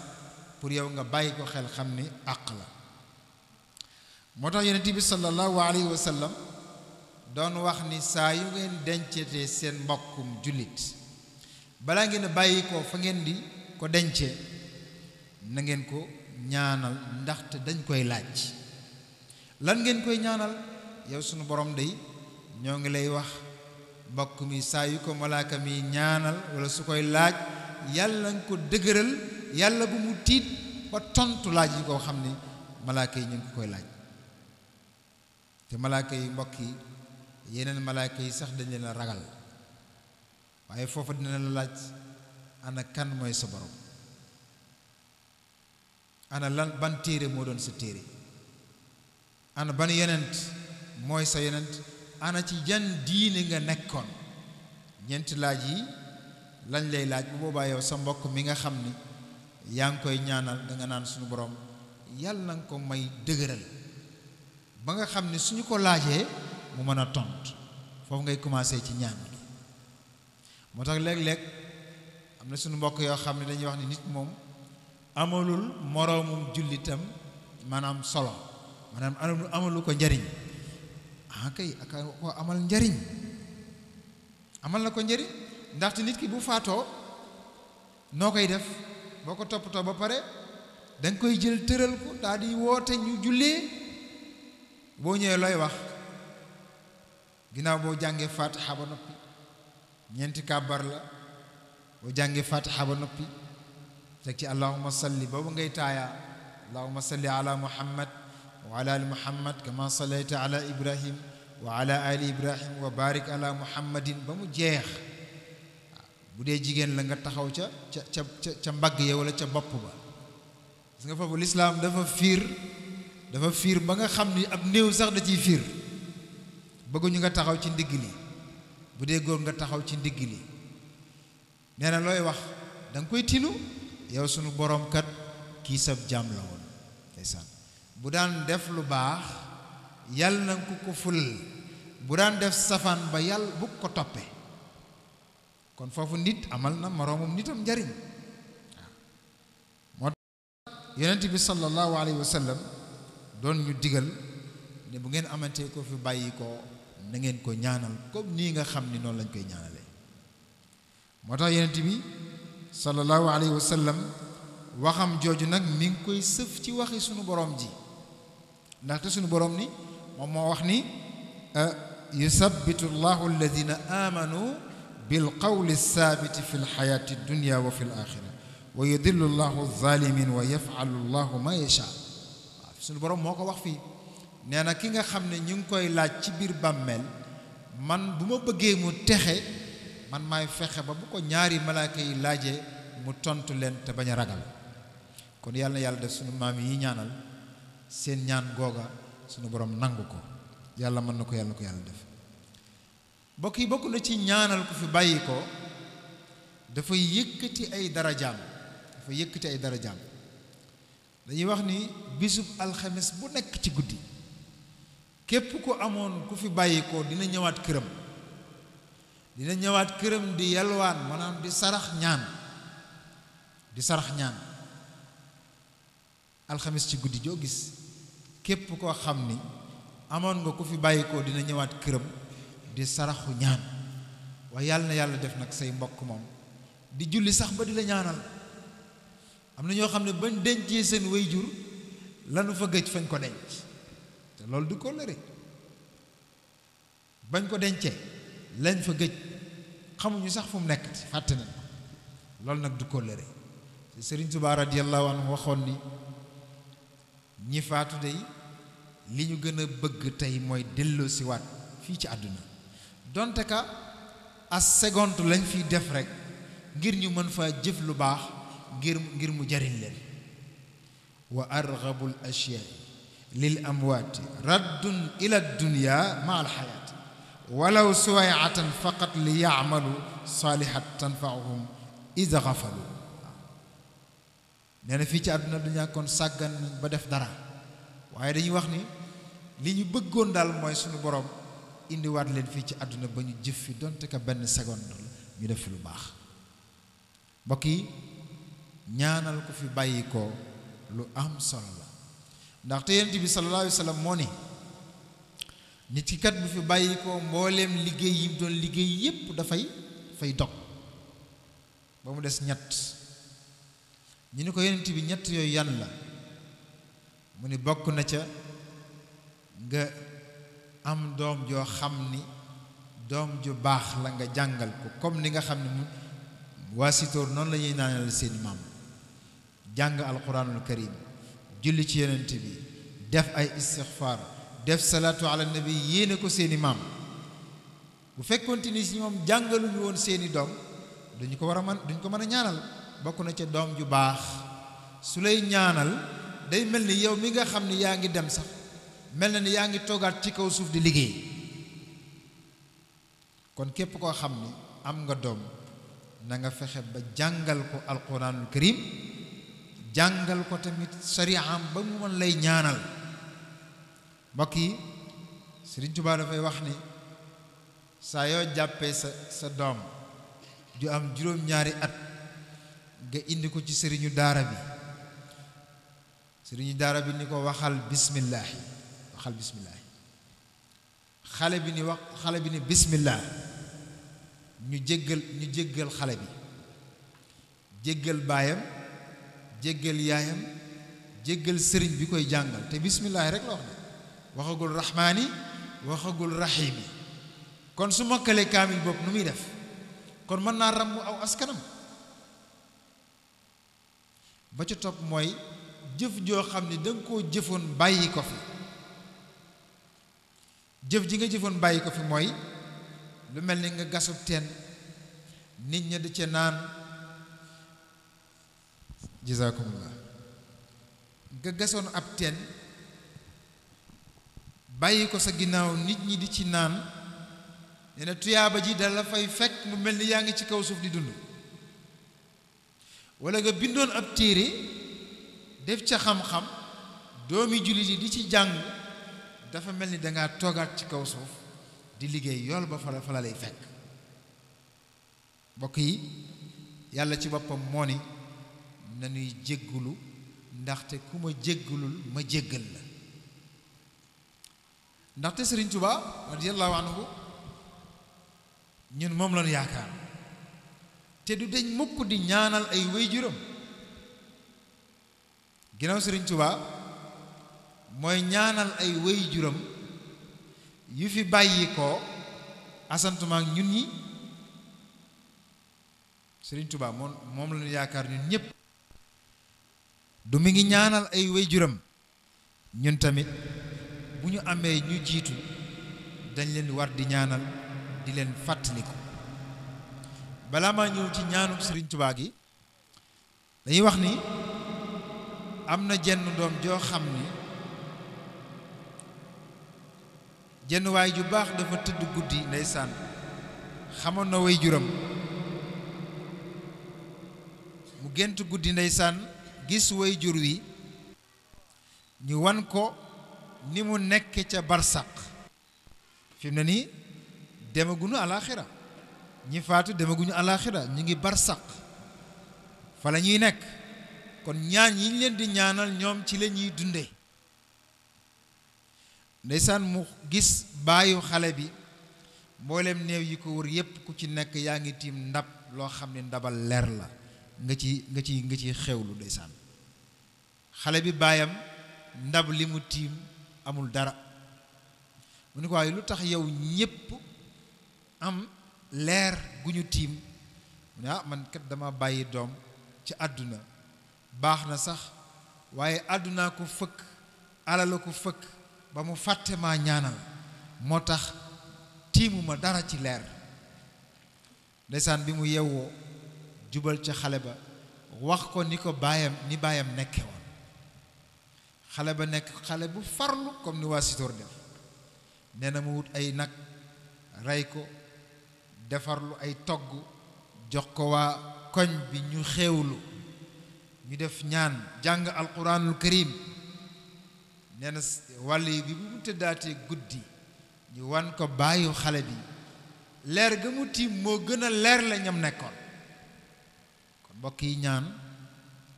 pour yow nga bàyyi ko xel xam ni àq la moo tax yonent bi sallallahu alayhi wa sallam doon wax ni saa yu ngeen dencetee seen mbokkum jullit balaa ngeen a bàyyi ko fa ngeen di ko dencee na ngeen ko ñaanal ndaxte dañ koy laaj lan ngeen koy ñaanal yow sunu borom day ñoo ngi lay wax mbokk mi saa yu ko malaaka mi ñaanal wala su koy laaj yàlla nga ko dëgëral yàlla bu mu tiit ba tontu laaj yi koo xam ni malaaka yi ñu ngi koy laaj te malaaka yi mbokk yi yeneen malaaka yi sax dañ leen ragal waaye foofa dina la laaj ana kan mooy sa borom ana lan ban téere moo doon sa téere ana ban yonent mooy sa yonent ana ci jan diine nga nekkoon ñeenti laaj yi lañ lay laaj bu boobaa yow sa mbokk mi nga xam ni yaa ngi koy ñaanal danga naan suñu borom yàlla na nga ko may dëgëral ba nga xam ni suñu ko laajee mu mën a tontu foofu ngay commencé ci ñaan bi moo tax léeg-léeg am na suñu mbokk yoo xam ne dañuy wax ni nit moom amalul moroomum jullitam maanaam solo maanaam amalu ko njariñ ah kay ak ko amal njariñ amal na ko njariñ ndaxte nit ki bu faatoo noo koy def boo ko toppatoo ba pare da koy jël tëral ko daal di woote ñu jullee boo ñëwee looy wax ginnaaw boo jàngee faat ba noppi ñeenti kàbbar la boo jàngee fatiha ba noppi teg ci allahuma salli boobu ngay taayaa allahuma salli ala muhammad wa ala ali muhammad kama sallayta ala ibrahim wa ala ali ibrahim wa barik ala muhammadin ba mu jeex bu dee jigéen la nga taxaw ca ca ca ca mbagg ya wala ca bopp ba gis nga foofu lislaam dafa fiir dafa fiir ba nga xam ni ab néew sax da ciy fiir bëgguñu nga taxaw ci ndigg li bu dee góor nga taxaw ci ndigg li nee na looy wax da koy tinu yow sunu boroom kat kii sab jaam la woon bu daan def lu baax yàlla na ko ko ful bu daan def safaan ba yàlla bu ko toppe kon foofu nit amal na moroomum nitam njariñ waaw moo yonent bi sallallahu alayhi wa sallam doon ñu digal ne bu ngeen amante ko fi bàyyi ko na ngeen ko ñaanal comme nii nga xam ni noonu lañ koy ñaanale moo tax yonent bi sallallahu alayhi wa waxam jooju nag mi ngi koy sëf ci waxi sunu borom ji ndaxte sunu borom ni moom moo wax ni yusabbitu llahu alladina amanu bil qawli saabiti fi lxayaati dunya wa fi l axira wa yudillu llahu zalimin wa yafalu ma yacha sunu borom moo ko wax fii nee na ki nga xam ne ñu ngi koy laaj ci biir bàmmeel man bu ma bëggee mu texe man maay fexe ba bu ko ñaari malaaka yi laajee mu tontu leen te bañ a ragal kon yàlla yàlla def suñu maam yi ñaanal seen ñaan googa suñu borom nangu ko yàlla mën na ko yàlla ko yàlla def mbokk yi bokk na ci ñaanal ku fi bàyyi ko dafa yëkkati ay darajaam dafa yëkkati ay darajaam dañuy wax ni bisub alxames bu nekk ci guddi képp ko amoon ku fi bàyyi ko dina ñëwaat këram dina ñëwaat këram di yalwaan maanaam di sarax ñaan di sarax ñaan alxamis ci guddi joo gis képp koo xam ni amoon nga ku fi bàyyi dina ñëwaat këram di saraxu ñaan waaye yàlla na yàlla def nag say mbokk moom di julli sax ba di la ñaanal am na ñoo xam ne bañ dencee seen jur lanu fa gëj fañ ko denc te loolu du ko lëre bañ ko dencee lañ fa gëj xamuñu sax fu mu nekk fàtte nañ ko loolu nag du ko kóllëre sëriñ Tuubaa radiyallahu anhu waxoon ni ñi faatu day li ñu gën a bëgg tey mooy delloosiwaat fii ci àdduna donte ka as seconde lañ fiy def rekk ngir ñu mën faa jëf lu baax ngir mu jariñ leen wa argabul ashyaa lil amwaati raddun ila dunya ma alxayaat walaw suwayatan faqat li yaamalu saalihat tanfaahum ida xafalu nee fii ci àdduna du ñàkkoon sàggan ba def dara waaye dañuy wax ni li ñu bëggoon daal mooy suñu boroom indiwaat leen fii ci àdduna ba ñu jëf fi donte ka benn seconde ñu def fi lu baax mbokk yi ñaanal ko fi bàyyi ko lu am solo la ndaxte yonent bi sallallahu alayhi moo ni nit ki kat bu fi bàyyi ko mbooleem liggéey yi mu doon liggéey yépp dafay dafay dog ba mu des ñett ñu ni ko yonent bi ñett yooyu yan la mu ni bokk na ca nga am doom joo xam ni doom ju baax la nga jàngal ko comme ni nga xam ne mu waa Sitoor noonu la ñuy naanal seen maam jàng alquranul karim julli ci yonent bi def ay istixfaar def salaatu ala nabi yéene ko seeni maam bu fekkonte ni si ñoom jàngaluñu woon seeni doom duñu ko war a mën duñu ko mën a ñaanal bokk na ca doom ju baax su lay ñaanal day mel ni yow mi nga xam ni yaa ngi dem sax mel na ni yaa ngi toogaat ci kaw suuf di liggéey kon képp koo xam ni am nga doom na fexe ba jàngal ko alquranul karim jàngal ko tamit sariyaam ba mu mën lay ñaanal mbokk yi Sëriñ Tuubaa dafay wax ni saa yoo jàppee sa sa doom ju am juróom-ñaari at nga indi ko ci sëriñu daara bi sëriñu daara bi ni ko waxal bismillaahi waxal bismillaahi xale bi ni wax xale bi ni bismillaah ñu jéggal ñu jéggal xale bi jéggal baayam jéggal yaayam jéggal sëriñ bi koy jàngal te bismillaahi rek la wax ne waxagul rahmaani waxagul rahimi kon su mokkalee kaamil bopp nu muy def kon mën naa ràmm aw askanam ba ca topp mooy jëf joo xam ne danga koo jëfoon bàyyi ko fi jëf ji nga jëfoon bàyyi ko fi mooy lu mel ni nga gasub teen nit ña di ca naan jazaakumullah nga gasoon ab teen bàyyi ko sa ginnaaw nit ñi di ci naan nee na tuyaaba ji dala fay fekk mu mel ni yaa ngi ci kaw suuf di dund wala nga bindoon ab téere def ca xam-xam doomi jullit yi di ci jàng dafa mel ni danga toogaat ci kaw suuf di liggéey yool ba fala fala lay fekk mbokk yi yàlla ci boppam moo ni nañuy jéggulu ndaxte ku ma jéggulul ma jéggal la ndaxte Serigne Touba radiyallahu anhu ñun moom lañu yaakaar te du deñ mukk di ñaanal ay waajuram ginnaaw Serigne Touba mooy ñaanal ay waajuram yu fi bàyyi ko asantumaak ñun ñi Serigne Touba moom moom lañu yaakaar ñun ñëpp du mu ngi ñaanal ay waajuram ñun tamit bu ñu amee ñu jiitu dañ leen war di ñaanal di leen fàttaliku balaa maa ñëw ci ñaanu Serigne Touba gi dañuy wax ni am na jenn doom joo xam ni jenn waay ju baax dafa tëdd guddi ndeysaan xamoon na way juram mu gént guddi ndeysaan gis way jur wi ñu wan ko ni mu nekk ca barsaq fi mu ne nii demaguñu alaxira ñi faatu demaguñu alaxira ñu ngi barsaq fa la ñuy nekk kon ñaan yi ñu leen di ñaanal ñoom ci lañuy dunde dundee ndeysaan mu gis baayu xale bi mboolem néew yi ko wër yépp ku ci nekk yaa ngi tiim ndab loo xam ne ndabal leer la nga ci nga ci xew ciy xewlu ndeysaan xale bi baayam ndab li mu tiim amul dara mu ni ko waaye lu tax yow ñépp am leer gu ñu tiim mu ne ah man kat dama bàyyi doom ci àdduna baax na sax waaye àddunaa ko fëkk alala ko fëkk ba mu fàtte maa ñaanal moo tax tiimuma dara ci leer ndeysaan bi mu yewwoo jubal ca xale ba wax ko ni ko baayam ni baayam nekke xale ba nekk xale bu farlu comme ni waa Sitoor def nee na mu wut ay nag rey ko defarlu ay togg jox ko waa koñ bi ñu xéewlu ñu def ñaan jàng alquranul karim nee na wàll bi mu tëddaatee guddi ñu wan ko bàyyu xale bi leer ga mu tiim moo gën a leer la ñam nekkoon kon mbokk yi ñaan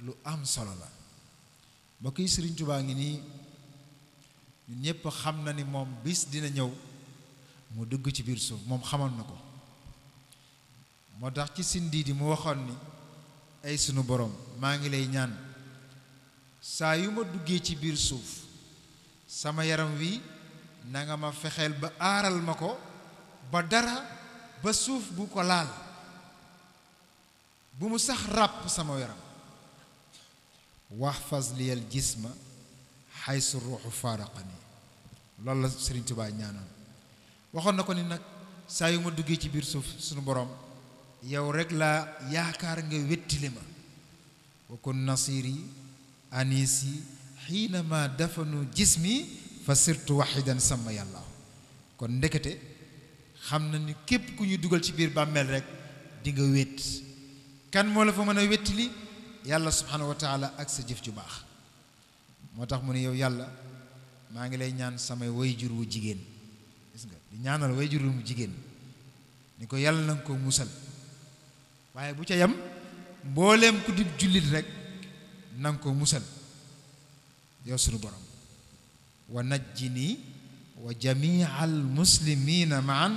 lu am solo la mbokk yi sëriñ tubaa ngi nii ñépp xam na ni moom bis dina ñëw mu dugg ci biir suuf moom xamoon na ko moo tax ci sindii di mu waxoon ni ay sunu boroom maa ngi lay ñaan saa yu ma duggee ci biir suuf sama yaram wi na nga ma fexeel ba aaral ma ko ba dara ba suuf bu ko laal bu mu sax ràpp sama yaram fas liyal jisma xaysu ruuxu faaraqani loolu la Sëriñ Tubaa ñaanoon waxoon na ko ni nag saa yu ma duggee ci biir suuf sunu borom yow rekk laa yaakaar nga wettile ma wa kun nasiri anisi xiinama dafanu jismi fa sirtu waxidan sama yàlla kon ndekete xam na ni képp ku ñu dugal ci biir bàmmeel rekk dinga nga kan moo la fa mën a wettili yàlla subhanahu wa taala ak sa jëf ju baax moo tax mu ne yow yàlla maa ngi lay ñaan samay wayjur wu jigéen gis nga di ñaanal wayjur wu jigéen ni ko yàlla na nga ko musal waaye bu ca yam mbooleem ku di jullit rek na nga ko musal yow sunu borom wa najjini wa jamial muslimina maan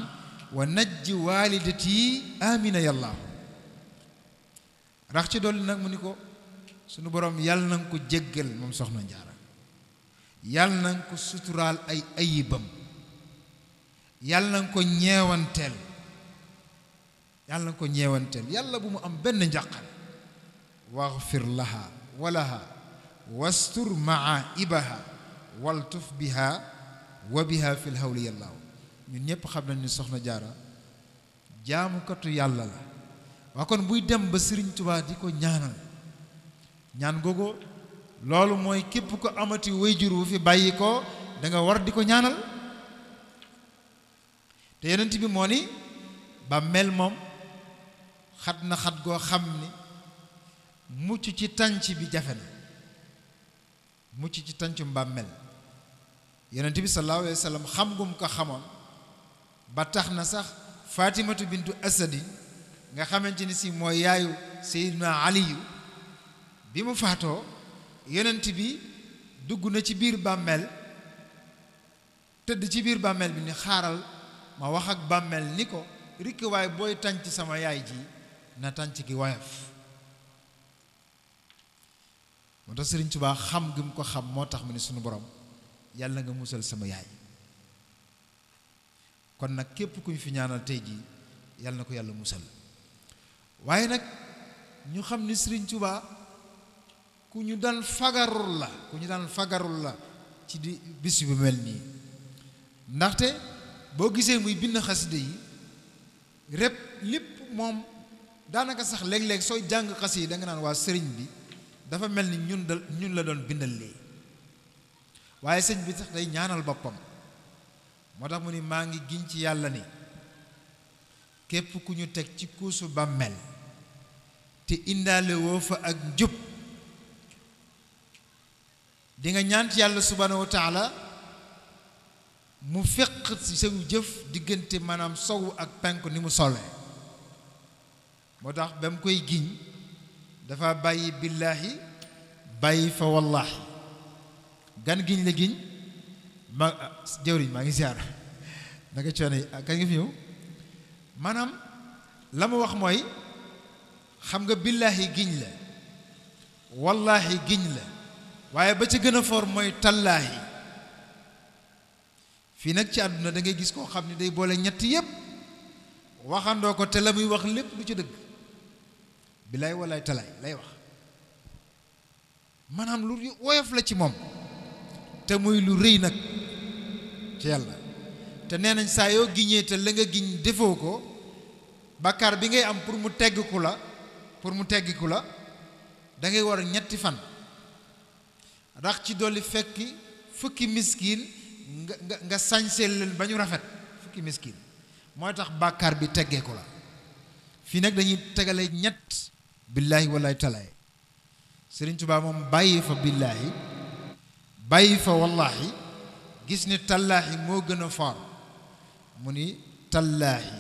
wa najji walidati amina yàllaahu rax ci dolli nag mu ni ko sunu borom yàlla na nga ko jéggal moom soxna njaara yàlla na nga ko suturaal ay ayibam yàlla na nga ko ñeewanteel yàlla na ko ñeewanteel yàlla bu mu am benn njàqare waxfir laha wa laha wastur maaibaha waltuf biha wa biha fi lhawli yàllaaw ñun ñépp xam nañ ni soxna jaara jaamukatu yàlla la waa kon buy dem ba Sëriñ Tuubaa di ko ñaanal ñaan googu loolu mooy képp ko amati wayjur wu fi bàyyi ko danga nga war di ko ñaanal te yonent bi moo ni bàmmeel moom xat na xat goo xam ni mucc ci tànc bi jafe na mucc ci tàncu bàmmeel yonent bi sallallahu alayhi wa sallam xam gum ko xamoon ba tax na sax Fatimatu bindu Asadin nga xamante ni si mooy yaayu Seydina Aliyu bi mu faatoo yonent bi dugg na ci biir bàmmeel tëdd ci biir bàmmeel bi ni xaaral ma wax ak bàmmeel ni ko rikk waay booy tànc sama yaay ji na tànc gi woyof moo tax Sëriñ Tuubaa xam gi mu ko xam moo tax mu ne sunu boroom yàlla nga musal sama yaay kon nag képp ku ñu fi ñaanal tey ji yàlla na ko yàlla musal waaye nag ñu xam ni Sëriñ Tuubaa ku ñu daan fagarul la ku ñu daan fagarul la ci di bis bu mel nii ndaxte boo gisee muy bind xasida yi rép lépp moom daanaka sax léeg-léeg sooy jàng xas yi danga daan naan waa sëriñ bi dafa mel ni ñun la doon bindal lii waaye sëñ bi sax day ñaanal boppam moo tax mu ni maa ngi giñ ci yàlla ni képp ku ñu teg ci kuusu bàmmeel te indaale fa ak njub di nga ñaan yàlla subhaanahu wa mu feq ci sa jëf diggante maanaam soow ak penk ni mu solee moo tax ba mu koy giñ dafa bàyyi billaahi bàyyi fa wallaahi gan giñ la giñ ma jëwriñ maa ngi ziar naka coono yi kan nga fi ñëw maanaam la mu wax mooy xam nga billaahi giñ la wallaahi giñ la waaye ba ci gën a for mooy tallaahi fii nag ci àdduna da gis koo xam ne day boole ñett yépp waxandoo ko te la muy wax lépp lu ci dëgg billaay wallaay talaay lay wax maanaam lu woyof la ci moom te muy lu rëy nag ci yàlla te nee nañ saa yoo giñee te la nga giñ defoo ko bàkkaar bi ngay am pour mu tegg ku la pour mu teggiku la dangay ngay war ñetti fan rax ci dolli fekki fukki miskin nga nga nga leen ba ñu rafet fukki miskin mooy tax bàkkaar bi teggeeku la fii nag dañuy tegale ñett billaahi wallaahi talaay Sëriñ Tuubaa moom bàyyi fa billaahi bàyyi fa wallaahi gis ni tallaahi moo gën a foor mu ni tallaahi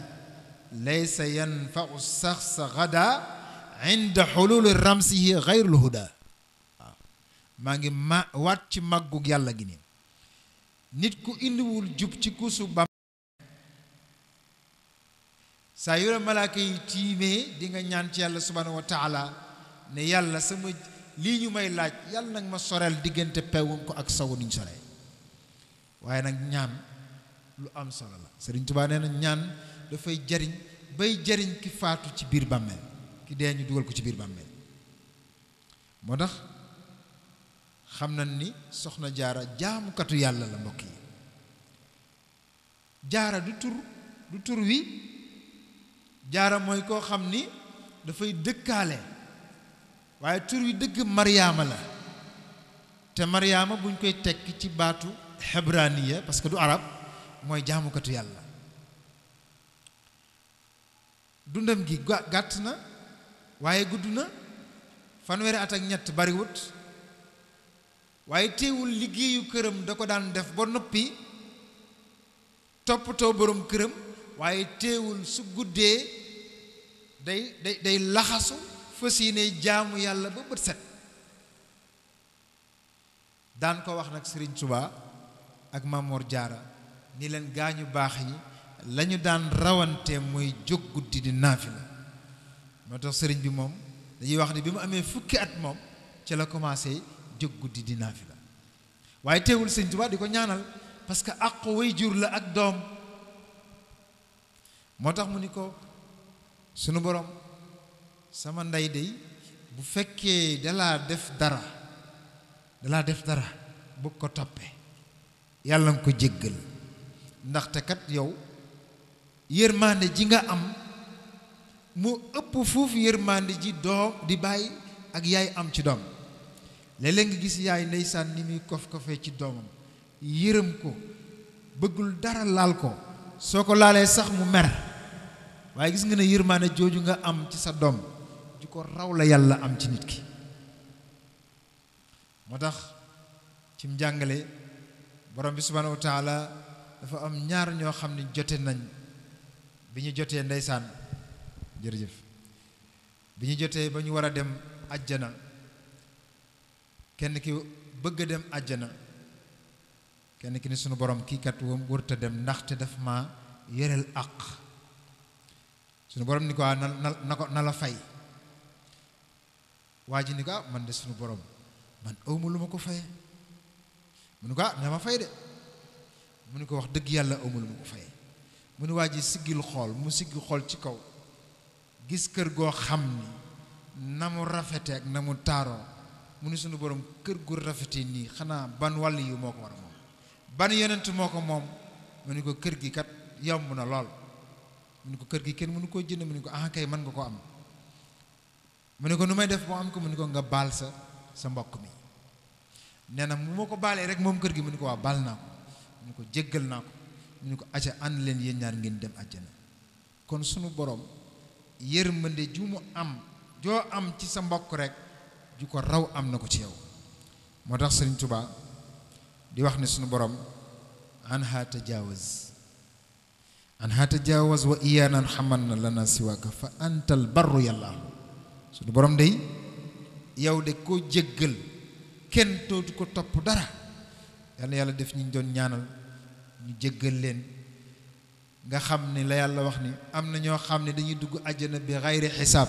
laysa yanfau saxsa gadaa inda xululi ramsihi xayrul huda waaw maa ngi ma waat ci màggug yàlla gi nii nit ku indiwul jub ci kuusu bam saa yore malaaka yi tiimee di nga ñaan ci yàlla subhaanahu wa taala ne yàlla sama lii ñu may laaj yàlla nag ma soreel diggante pewum ko ak sawu niñ soree waaye nag ñaan lu am solo la Sëriñ Tuubaa nee na ñaan dafay jariñ bay jariñ ki faatu ci biir bàmmeel ki dee ñu dugal ko ci biir bàmmeel moo tax xam na ni soxna jaara jaamukatu yàlla la mbokk yi jaara du tur du tur wi jaara mooy koo xam ni dafay dëkkaale waaye tur wi dëgg maryaama la te maryaama buñ koy tekk ci baatu hebraniya parce que du arab mooy jaamukatu yàlla dundam gi gàtt na waaye gudd na fanweeri at ak ñett bariwut waaye teewul liggéeyu këram da ko daan def ba noppi toppatoo borom këram waaye teewul su guddee day day day laxasu fas yéene jaamu yàlla ba bët set daan ko wax nag sëriñ Touba ak Mamor Diarra ni leen gaañu baax yi lañu daan rawante mooy jóg guddi di la moo tax sëriñ bi moom dañuy wax ne bi mu amee fukki at moom ci la commencé jóg guddi di naafila waaye teewul sëriñ Tuubaa di ko ñaanal parce que àqu way jur la ak doom moo tax mu ni ko sunu borom sama ndey dey bu fekkee dalaa def dara dalaa def dara bu ko toppee yàlla nga ko jéggal ndaxte kat yow yërmaande ji nga am mu ëpp fuufu yërmande ji doom di bàyyi ak yaay am ci doom léeg-léeg nga gis yaay ndeysaan ni muy kof-kofee ci doomam yërëm ko bëggul dara laal ko soo ko laalee sax mu mer waaye gis nga ne yërmande jooju nga am ci sa doom ju ko raw la yàlla am ci nit ki moo tax cim njàngale borom bi subhaanahu wa dafa am ñaar ñoo xam ne jote nañ bi ñu jotee ndeysaan jërëjëf bi ñu jotee ba ñu war a dem ajjana kenn ki bëgg dem ajjana kenn ki ni sunu borom kii kat wam wërta dem ndaxte dafa ma yëreel àq sunu borom ni ko ah, na fay waa ji ni ah man de sunu borom man awma lu ma ko faye mu ni ko ah na ma fay de mu ni ko wax dëgg yàlla awma lu ma ko faye mu ni waa ji siggil xool mu siggil xool ci kaw gis kër goo xam ni na mu rafete ak na mu taaroo mu ni suñu borom kër gu rafete nii xanaa ban wàll yu moo ko war a moom ban yonent moo ko moom mu ni ko kër gi kat yomb na lool mu ni ko kër gi kenn mënu koo jënd mu ni ko ah kay mën nga ko am mu ni ko nu may def boo am ko mu ni ko nga baal sa sa mbokk mi nee na mu ma ko baalee rek moom kër gi mu ni ko waa baal naa ko mu ni ko jéggal naa ko mu ni ko aca ànd leen yéen ñaar ngeen dem àjjana kon sunu boroom yërmande ju mu am joo am ci sa mbokk rekk ju ko raw am na ko ci yow moo tax sëriñ tubaa di wax ne sunu boroom anha tajawaz anha tajawaz wa iyanan xaman na lana siwaaka fa antal barru yàlla sunu borom day yow de koo jéggal kenn tootu ko topp dara yàlla yàlla def ñu doon ñaanal ñu jéggal leen nga xam ni la yàlla wax ni am na ñoo xam ne dañuy dugg àjjana bi xayri xisaab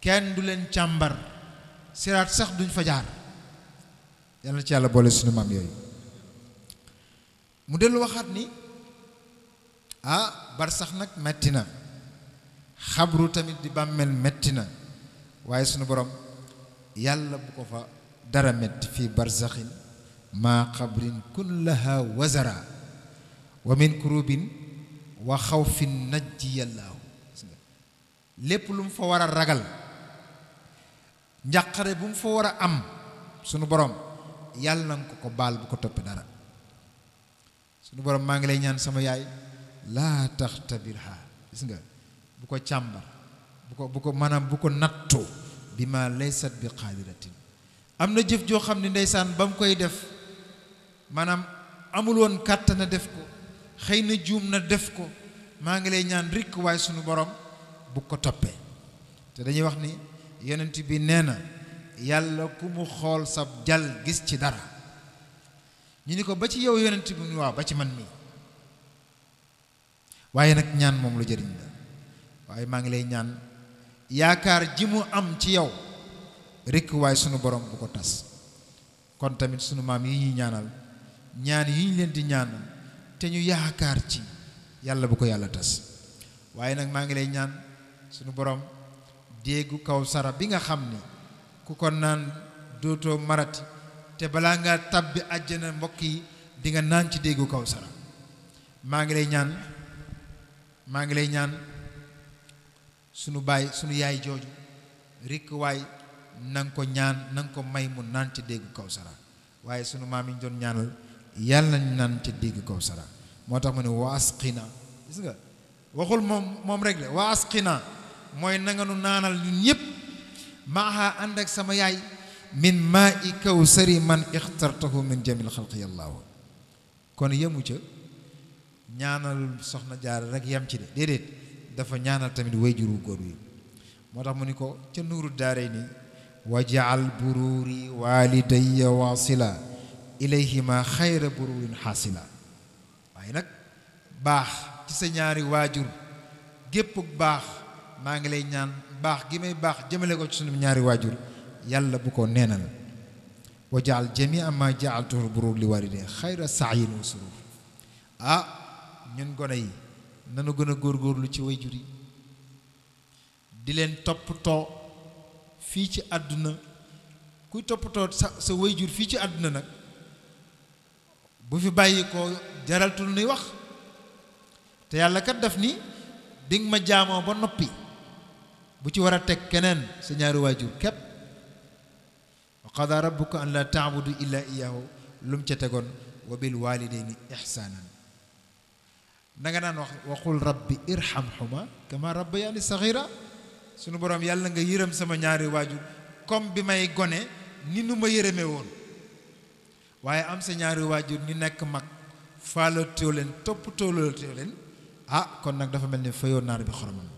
kenn du leen càmbar siraat sax duñ fa jaar yàlla na ci yàlla boole suñu maam yooyu mu dellu waxaat ni ah bar sax nag metti na xabru tamit di bàmmeel metti na waaye suñu boroom yàlla bu ko fa dara metti fii barsaxin maa xabrin kullaha wazara wa min kurubin wa xawfin najjiyallaahu lépp lu mu fa war a ragal njàqare bu mu fa war a am sunu borom yàlla na ko ko baal bu ko toppee dara sunu borom maa ngi lay ñaan sama yaay laa tax tabirha gis nga bu ko càmbar bu ko bu ko maanaam bu ko nattoo bi ma laysat bi qaadiratin am na jëf joo xam ne ndeysaan ba mu koy def maanaam amul woon kàttana def ko xëy na juum na def ko maa ngi lay ñaan rikk waaye sunu borom bu ko toppee te dañuy wax ni yonent bi nee na yàlla ku mu xool sab jal gis ci dara ñu ni ko ba ci yow yonent bi mu waaw ba ci man mi waaye nag ñaan moom lu jëriñ la waaye maa ngi lay ñaan yaakaar ji mu am ci yow rikk waaye sunu borom bu ko tas kon tamit sunu maam yi ñuy ñaanal ñaan yi ñu leen di ñaanal te ñu yaakaar ci yàlla bu ko yàlla tas waaye nag maa ngi lay ñaan sunu borom déegu kaw sara bi nga xam ni ku ko naan dootoo marati te balaa ngaa tàbbi àjjana mbokk yi dinga naan ci déggu kaw sara maa ngi lay ñaan maa ngi lay ñaan sunu baay sunu yaay jooju rikk waay nanga ko ñaan nanga ko may mu naan ci déegu kaw sara waaye sunu maam yi ñu doon ñaanal yàlla nañ naan ca digg kaw moo tax mu ne wa asqina waxul moom moom rek de wa asqina mooy nanga naanal ñun ñëpp maaha ànd ak sama yaay min maa i man ixtartahu min jamil xalqi yallaahu kon yemu ca ñaanal soxna jaar rek yam ci de déedéet dafa ñaanal tamit wayjuru góor wi moo tax mu ni ko ca nuuru daaray ni wajaal buruuri walidayya wasila ilayhima xayra bururin xaasila waaye nag baax ñaari waajur gépp ngi lay ñaan baax gi may baax jëmale ko ci sunu ñaari waajur yàlla bu ko neenal wa jaal jamia ma jaaltuhu burur li walidee xayra saayin wa surur ah, gone yi nanu gën a góor góorlu ci waajur yi di leen toppatoo fii ci àdduna kuy toppatoo sa sa jur fii ci àdduna nag bu fi bàyyi ko jaraltul nuy wax te yàlla kat def ni bi ma jaamoo ba noppi bu ci war a teg keneen sa ñaari waajur képp wa qada rabbuka an laa taabudu illa iyahu lu mu ca tegoon wa bil walidaini ixsaanan na naan wax waxul rabbi irhamhuma kama rabbayani saxira sunu boroom yàlla nga yërëm sama ñaari waajur comme bi may gone ni nu ma yërëme woon waaye am sa ñaari waajur ñu nekk mag faalatoo leen toppatoo leen ah kon nag dafa mel ni fayoo naar bi xoromam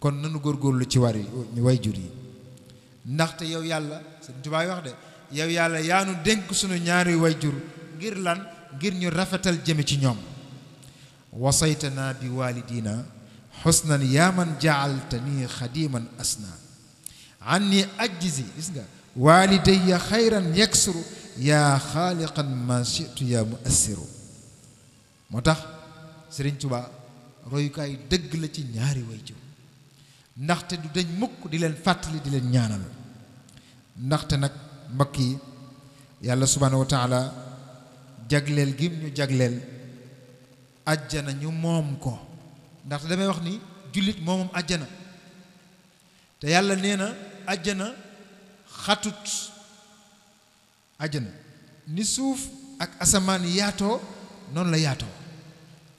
kon nanu góorgóorlu ci war yi waajur yi ndaxte yow yàlla Sëñ Tuubaa wax de yow yàlla yaa nu dénk sunu ñaari waajur ngir lan ngir ñu rafetal jëme ci ñoom wasaytana bi waalidina xusnan yaa man jaaltani xadiman asna anni ajjizi gis nga waalidayya xayran yaksuru yaa xaaliqan ma shitu yaa mu assiru moo tax Sëriñ Tuubaa royukaay dëgg la ci ñaari wayjur ndaxte du dañ mukk di leen fàttali di leen ñaanal ndaxte nag mbakk yi yàlla subhaanahu wa taala jagleel gi ñu jagleel ajjana ñu moom ko ndaxte damay wax ni jullit moomoom ajjana te yàlla nee ajjana xatut àjjana ni suuf ak asamaan yaatoo noonu la yaatoo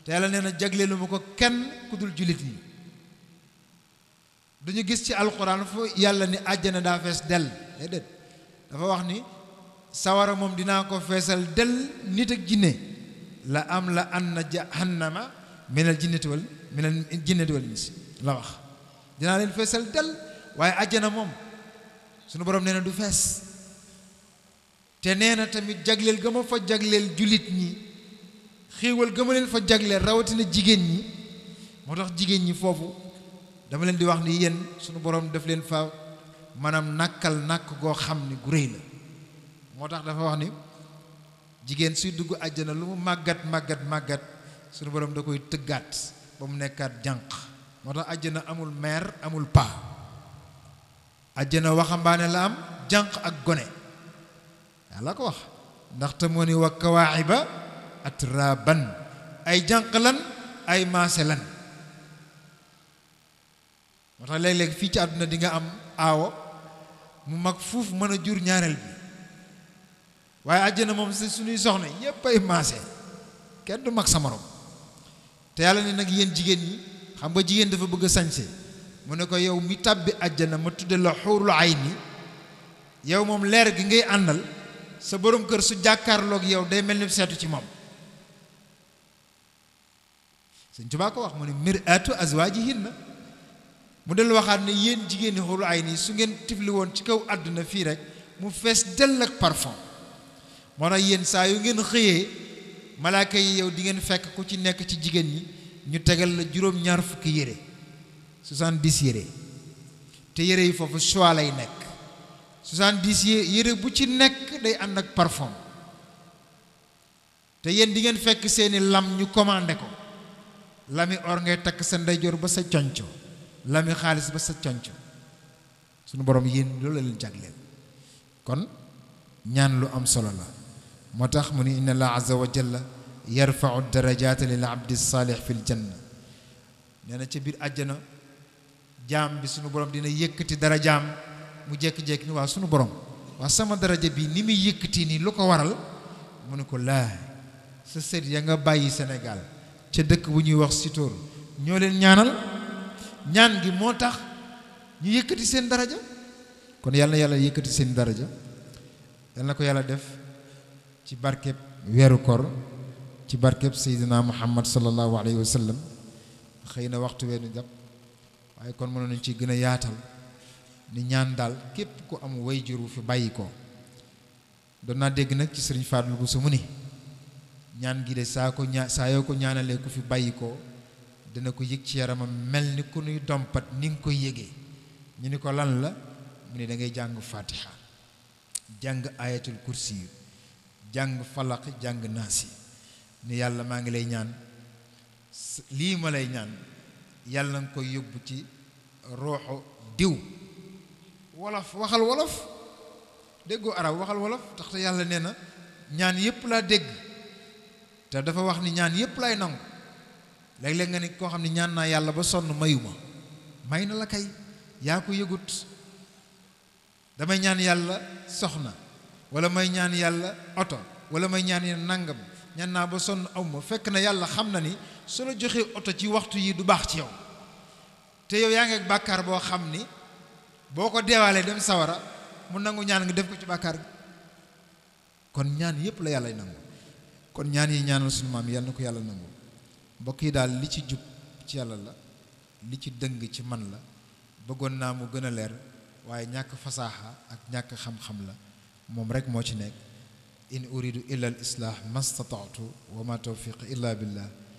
te yàlla nee na jagleelu ma ko kenn ku dul jullit yi duñu gis ci alxuraan fu yàlla ni àjjana daa fees dell dafa wax ni sawara moom dinaa ko feesal dell nit ak jinne la am la an na jahannama minal jinnati wal minal jinnati wal ins la wax dinaa leen feesal dell waaye àjjana moom sunu borom nee na du fees te nee na tamit jagleel ga ma fa jagleel jullit ñi xéewal ga ma leen fa jagleel rawatina jigéen ñi moo tax jigéen ñi foofu dama leen di wax ni yéen sunu borom daf leen fa maanaam nàkkal nàkk goo xam ni gu réy moo tax dafa wax ni jigéen suy dugg àjjana lu mu màggat màggat màggat sunu borom da koy tëggaat ba mu nekkaat jànq moo tax àjjana amul meer amul paa àjjana waxambaane la am jànq ak gone yàlla ko wax ndaxte moo ni wa kawaaxiba atraban ay jànq lan ay maase lan moo tax léeg-léeg fii ci àdduna di nga am aawo mu mag fuuf mën a jur ñaareel bi waaye àjjana moom si suñuy soxna yépp ay maase kenn du mag sa morom te yàlla ne nag yéen jigéen ñi xam nga jigéen dafa bëgg a sañse mu ne ko yow mi tàbbi àjjana ma tudde la ay ayni yow moom leer gi ngay àndal sa borom kër su jàkkaarloog yow day mel ni seetu ci moom Sëñ Tuubaa ko wax mu ne mir'atu azwaajihinna mu del waxaat ne yéen jigéen ñi xoolu ay nii su ngeen tifli woon ci kaw àdduna fii rek mu fees dell ak parfum moo tax yéen saa yu ngeen xëyee malaaka yi yow di ngeen fekk ku ci nekk ci jigéen ñi ñu tegal la juróom-ñaar fukki yére soixante-dix yére te yére yi foofu choix lay nekk 70 yére bu ci nekk day ànd ak parfum te yéen di ngeen fekk seeni lam ñu commandé ko lami or ngay takk sa ndeyjoor ba sa conco lami xaalis ba sa conco suñu borom yéen loolu la leen kon ñaan lu am solo la moo tax mu ni inna allah azza wa jalla yarfau darajaati lil abdi saalix fi ljanna nee na ca biir àjjana jaam bi suñu borom dina yëkkati dara jaam mu jékki-jékki ni waa sunu borom waa sama daraja bi ni muy yëkkati nii lu ko waral mu ne ko laa sa sët ya nga bàyyi Sénégal ca dëkk bu ñuy wax Sitor ñoo leen ñaanal ñaan gi moo tax ñu yëkkati seen daraja kon yàlla yàlla yëkkati seen daraja yàlla na ko yàlla def ci barkeb weeru kor ci barkeb seydina muhammad sallallahu alayhi wa sallam xëy na waxtu weenu jàpp waaye kon mënoon nañ ci gën a yaatal di ñaan daal képp ku am way juru fi bàyyi ko doon naa dégg nag ci sëriñ Fadlu bu su mu ni ñaan gi de saa ko ñaa saa yoo ko ñaanalee ku fi bàyyi ko dina ko yëg ci yaramam mel ni ku nuy dompat ni nga koy yëgee ñu ni ko lan la mu ne da jàng fatiha jàng ayatul kursi jàng falaq jàng naasi ni yàlla maa ngi lay ñaan lii ma lay ñaan yàlla nga ko yóbbu ci rooxu diw wolof waxal wolof déggoo arab waxal wolof taxte yàlla nee na ñaan yëpp laa dégg te dafa wax ni ñaan yëpp laay nangu léeg-léeg nga ni koo xam ne ñaan naa yàlla ba sonn mayu ma may na la kay yaa ko yëgut damay ñaan yàlla soxna wala may ñaan yàlla oto wala may ñaan yàlla nangam ñaan naa ba sonn aw fekk na yàlla xam na ni su la joxee oto ci waxtu yi du baax ci yow te yow yaa ngi bàkkaar boo xam ni boo ko deewaalee dem sawara mu nangu ñaan ngi def ko ci bàkkaar gi kon ñaan yépp la yàlla nangu kon ñaan yi ñaanal suñu maam yàlla na ko yàlla nangu mbokk yi daal li ci jub ci yàlla la li ci dëng ci man la bëggoon naa mu gën a leer waaye ñàkk fasaaxa ak ñàkk xam-xam la moom rek moo ci nekk in uridu illa al islah mastataatu wa ma tawfiq illa billah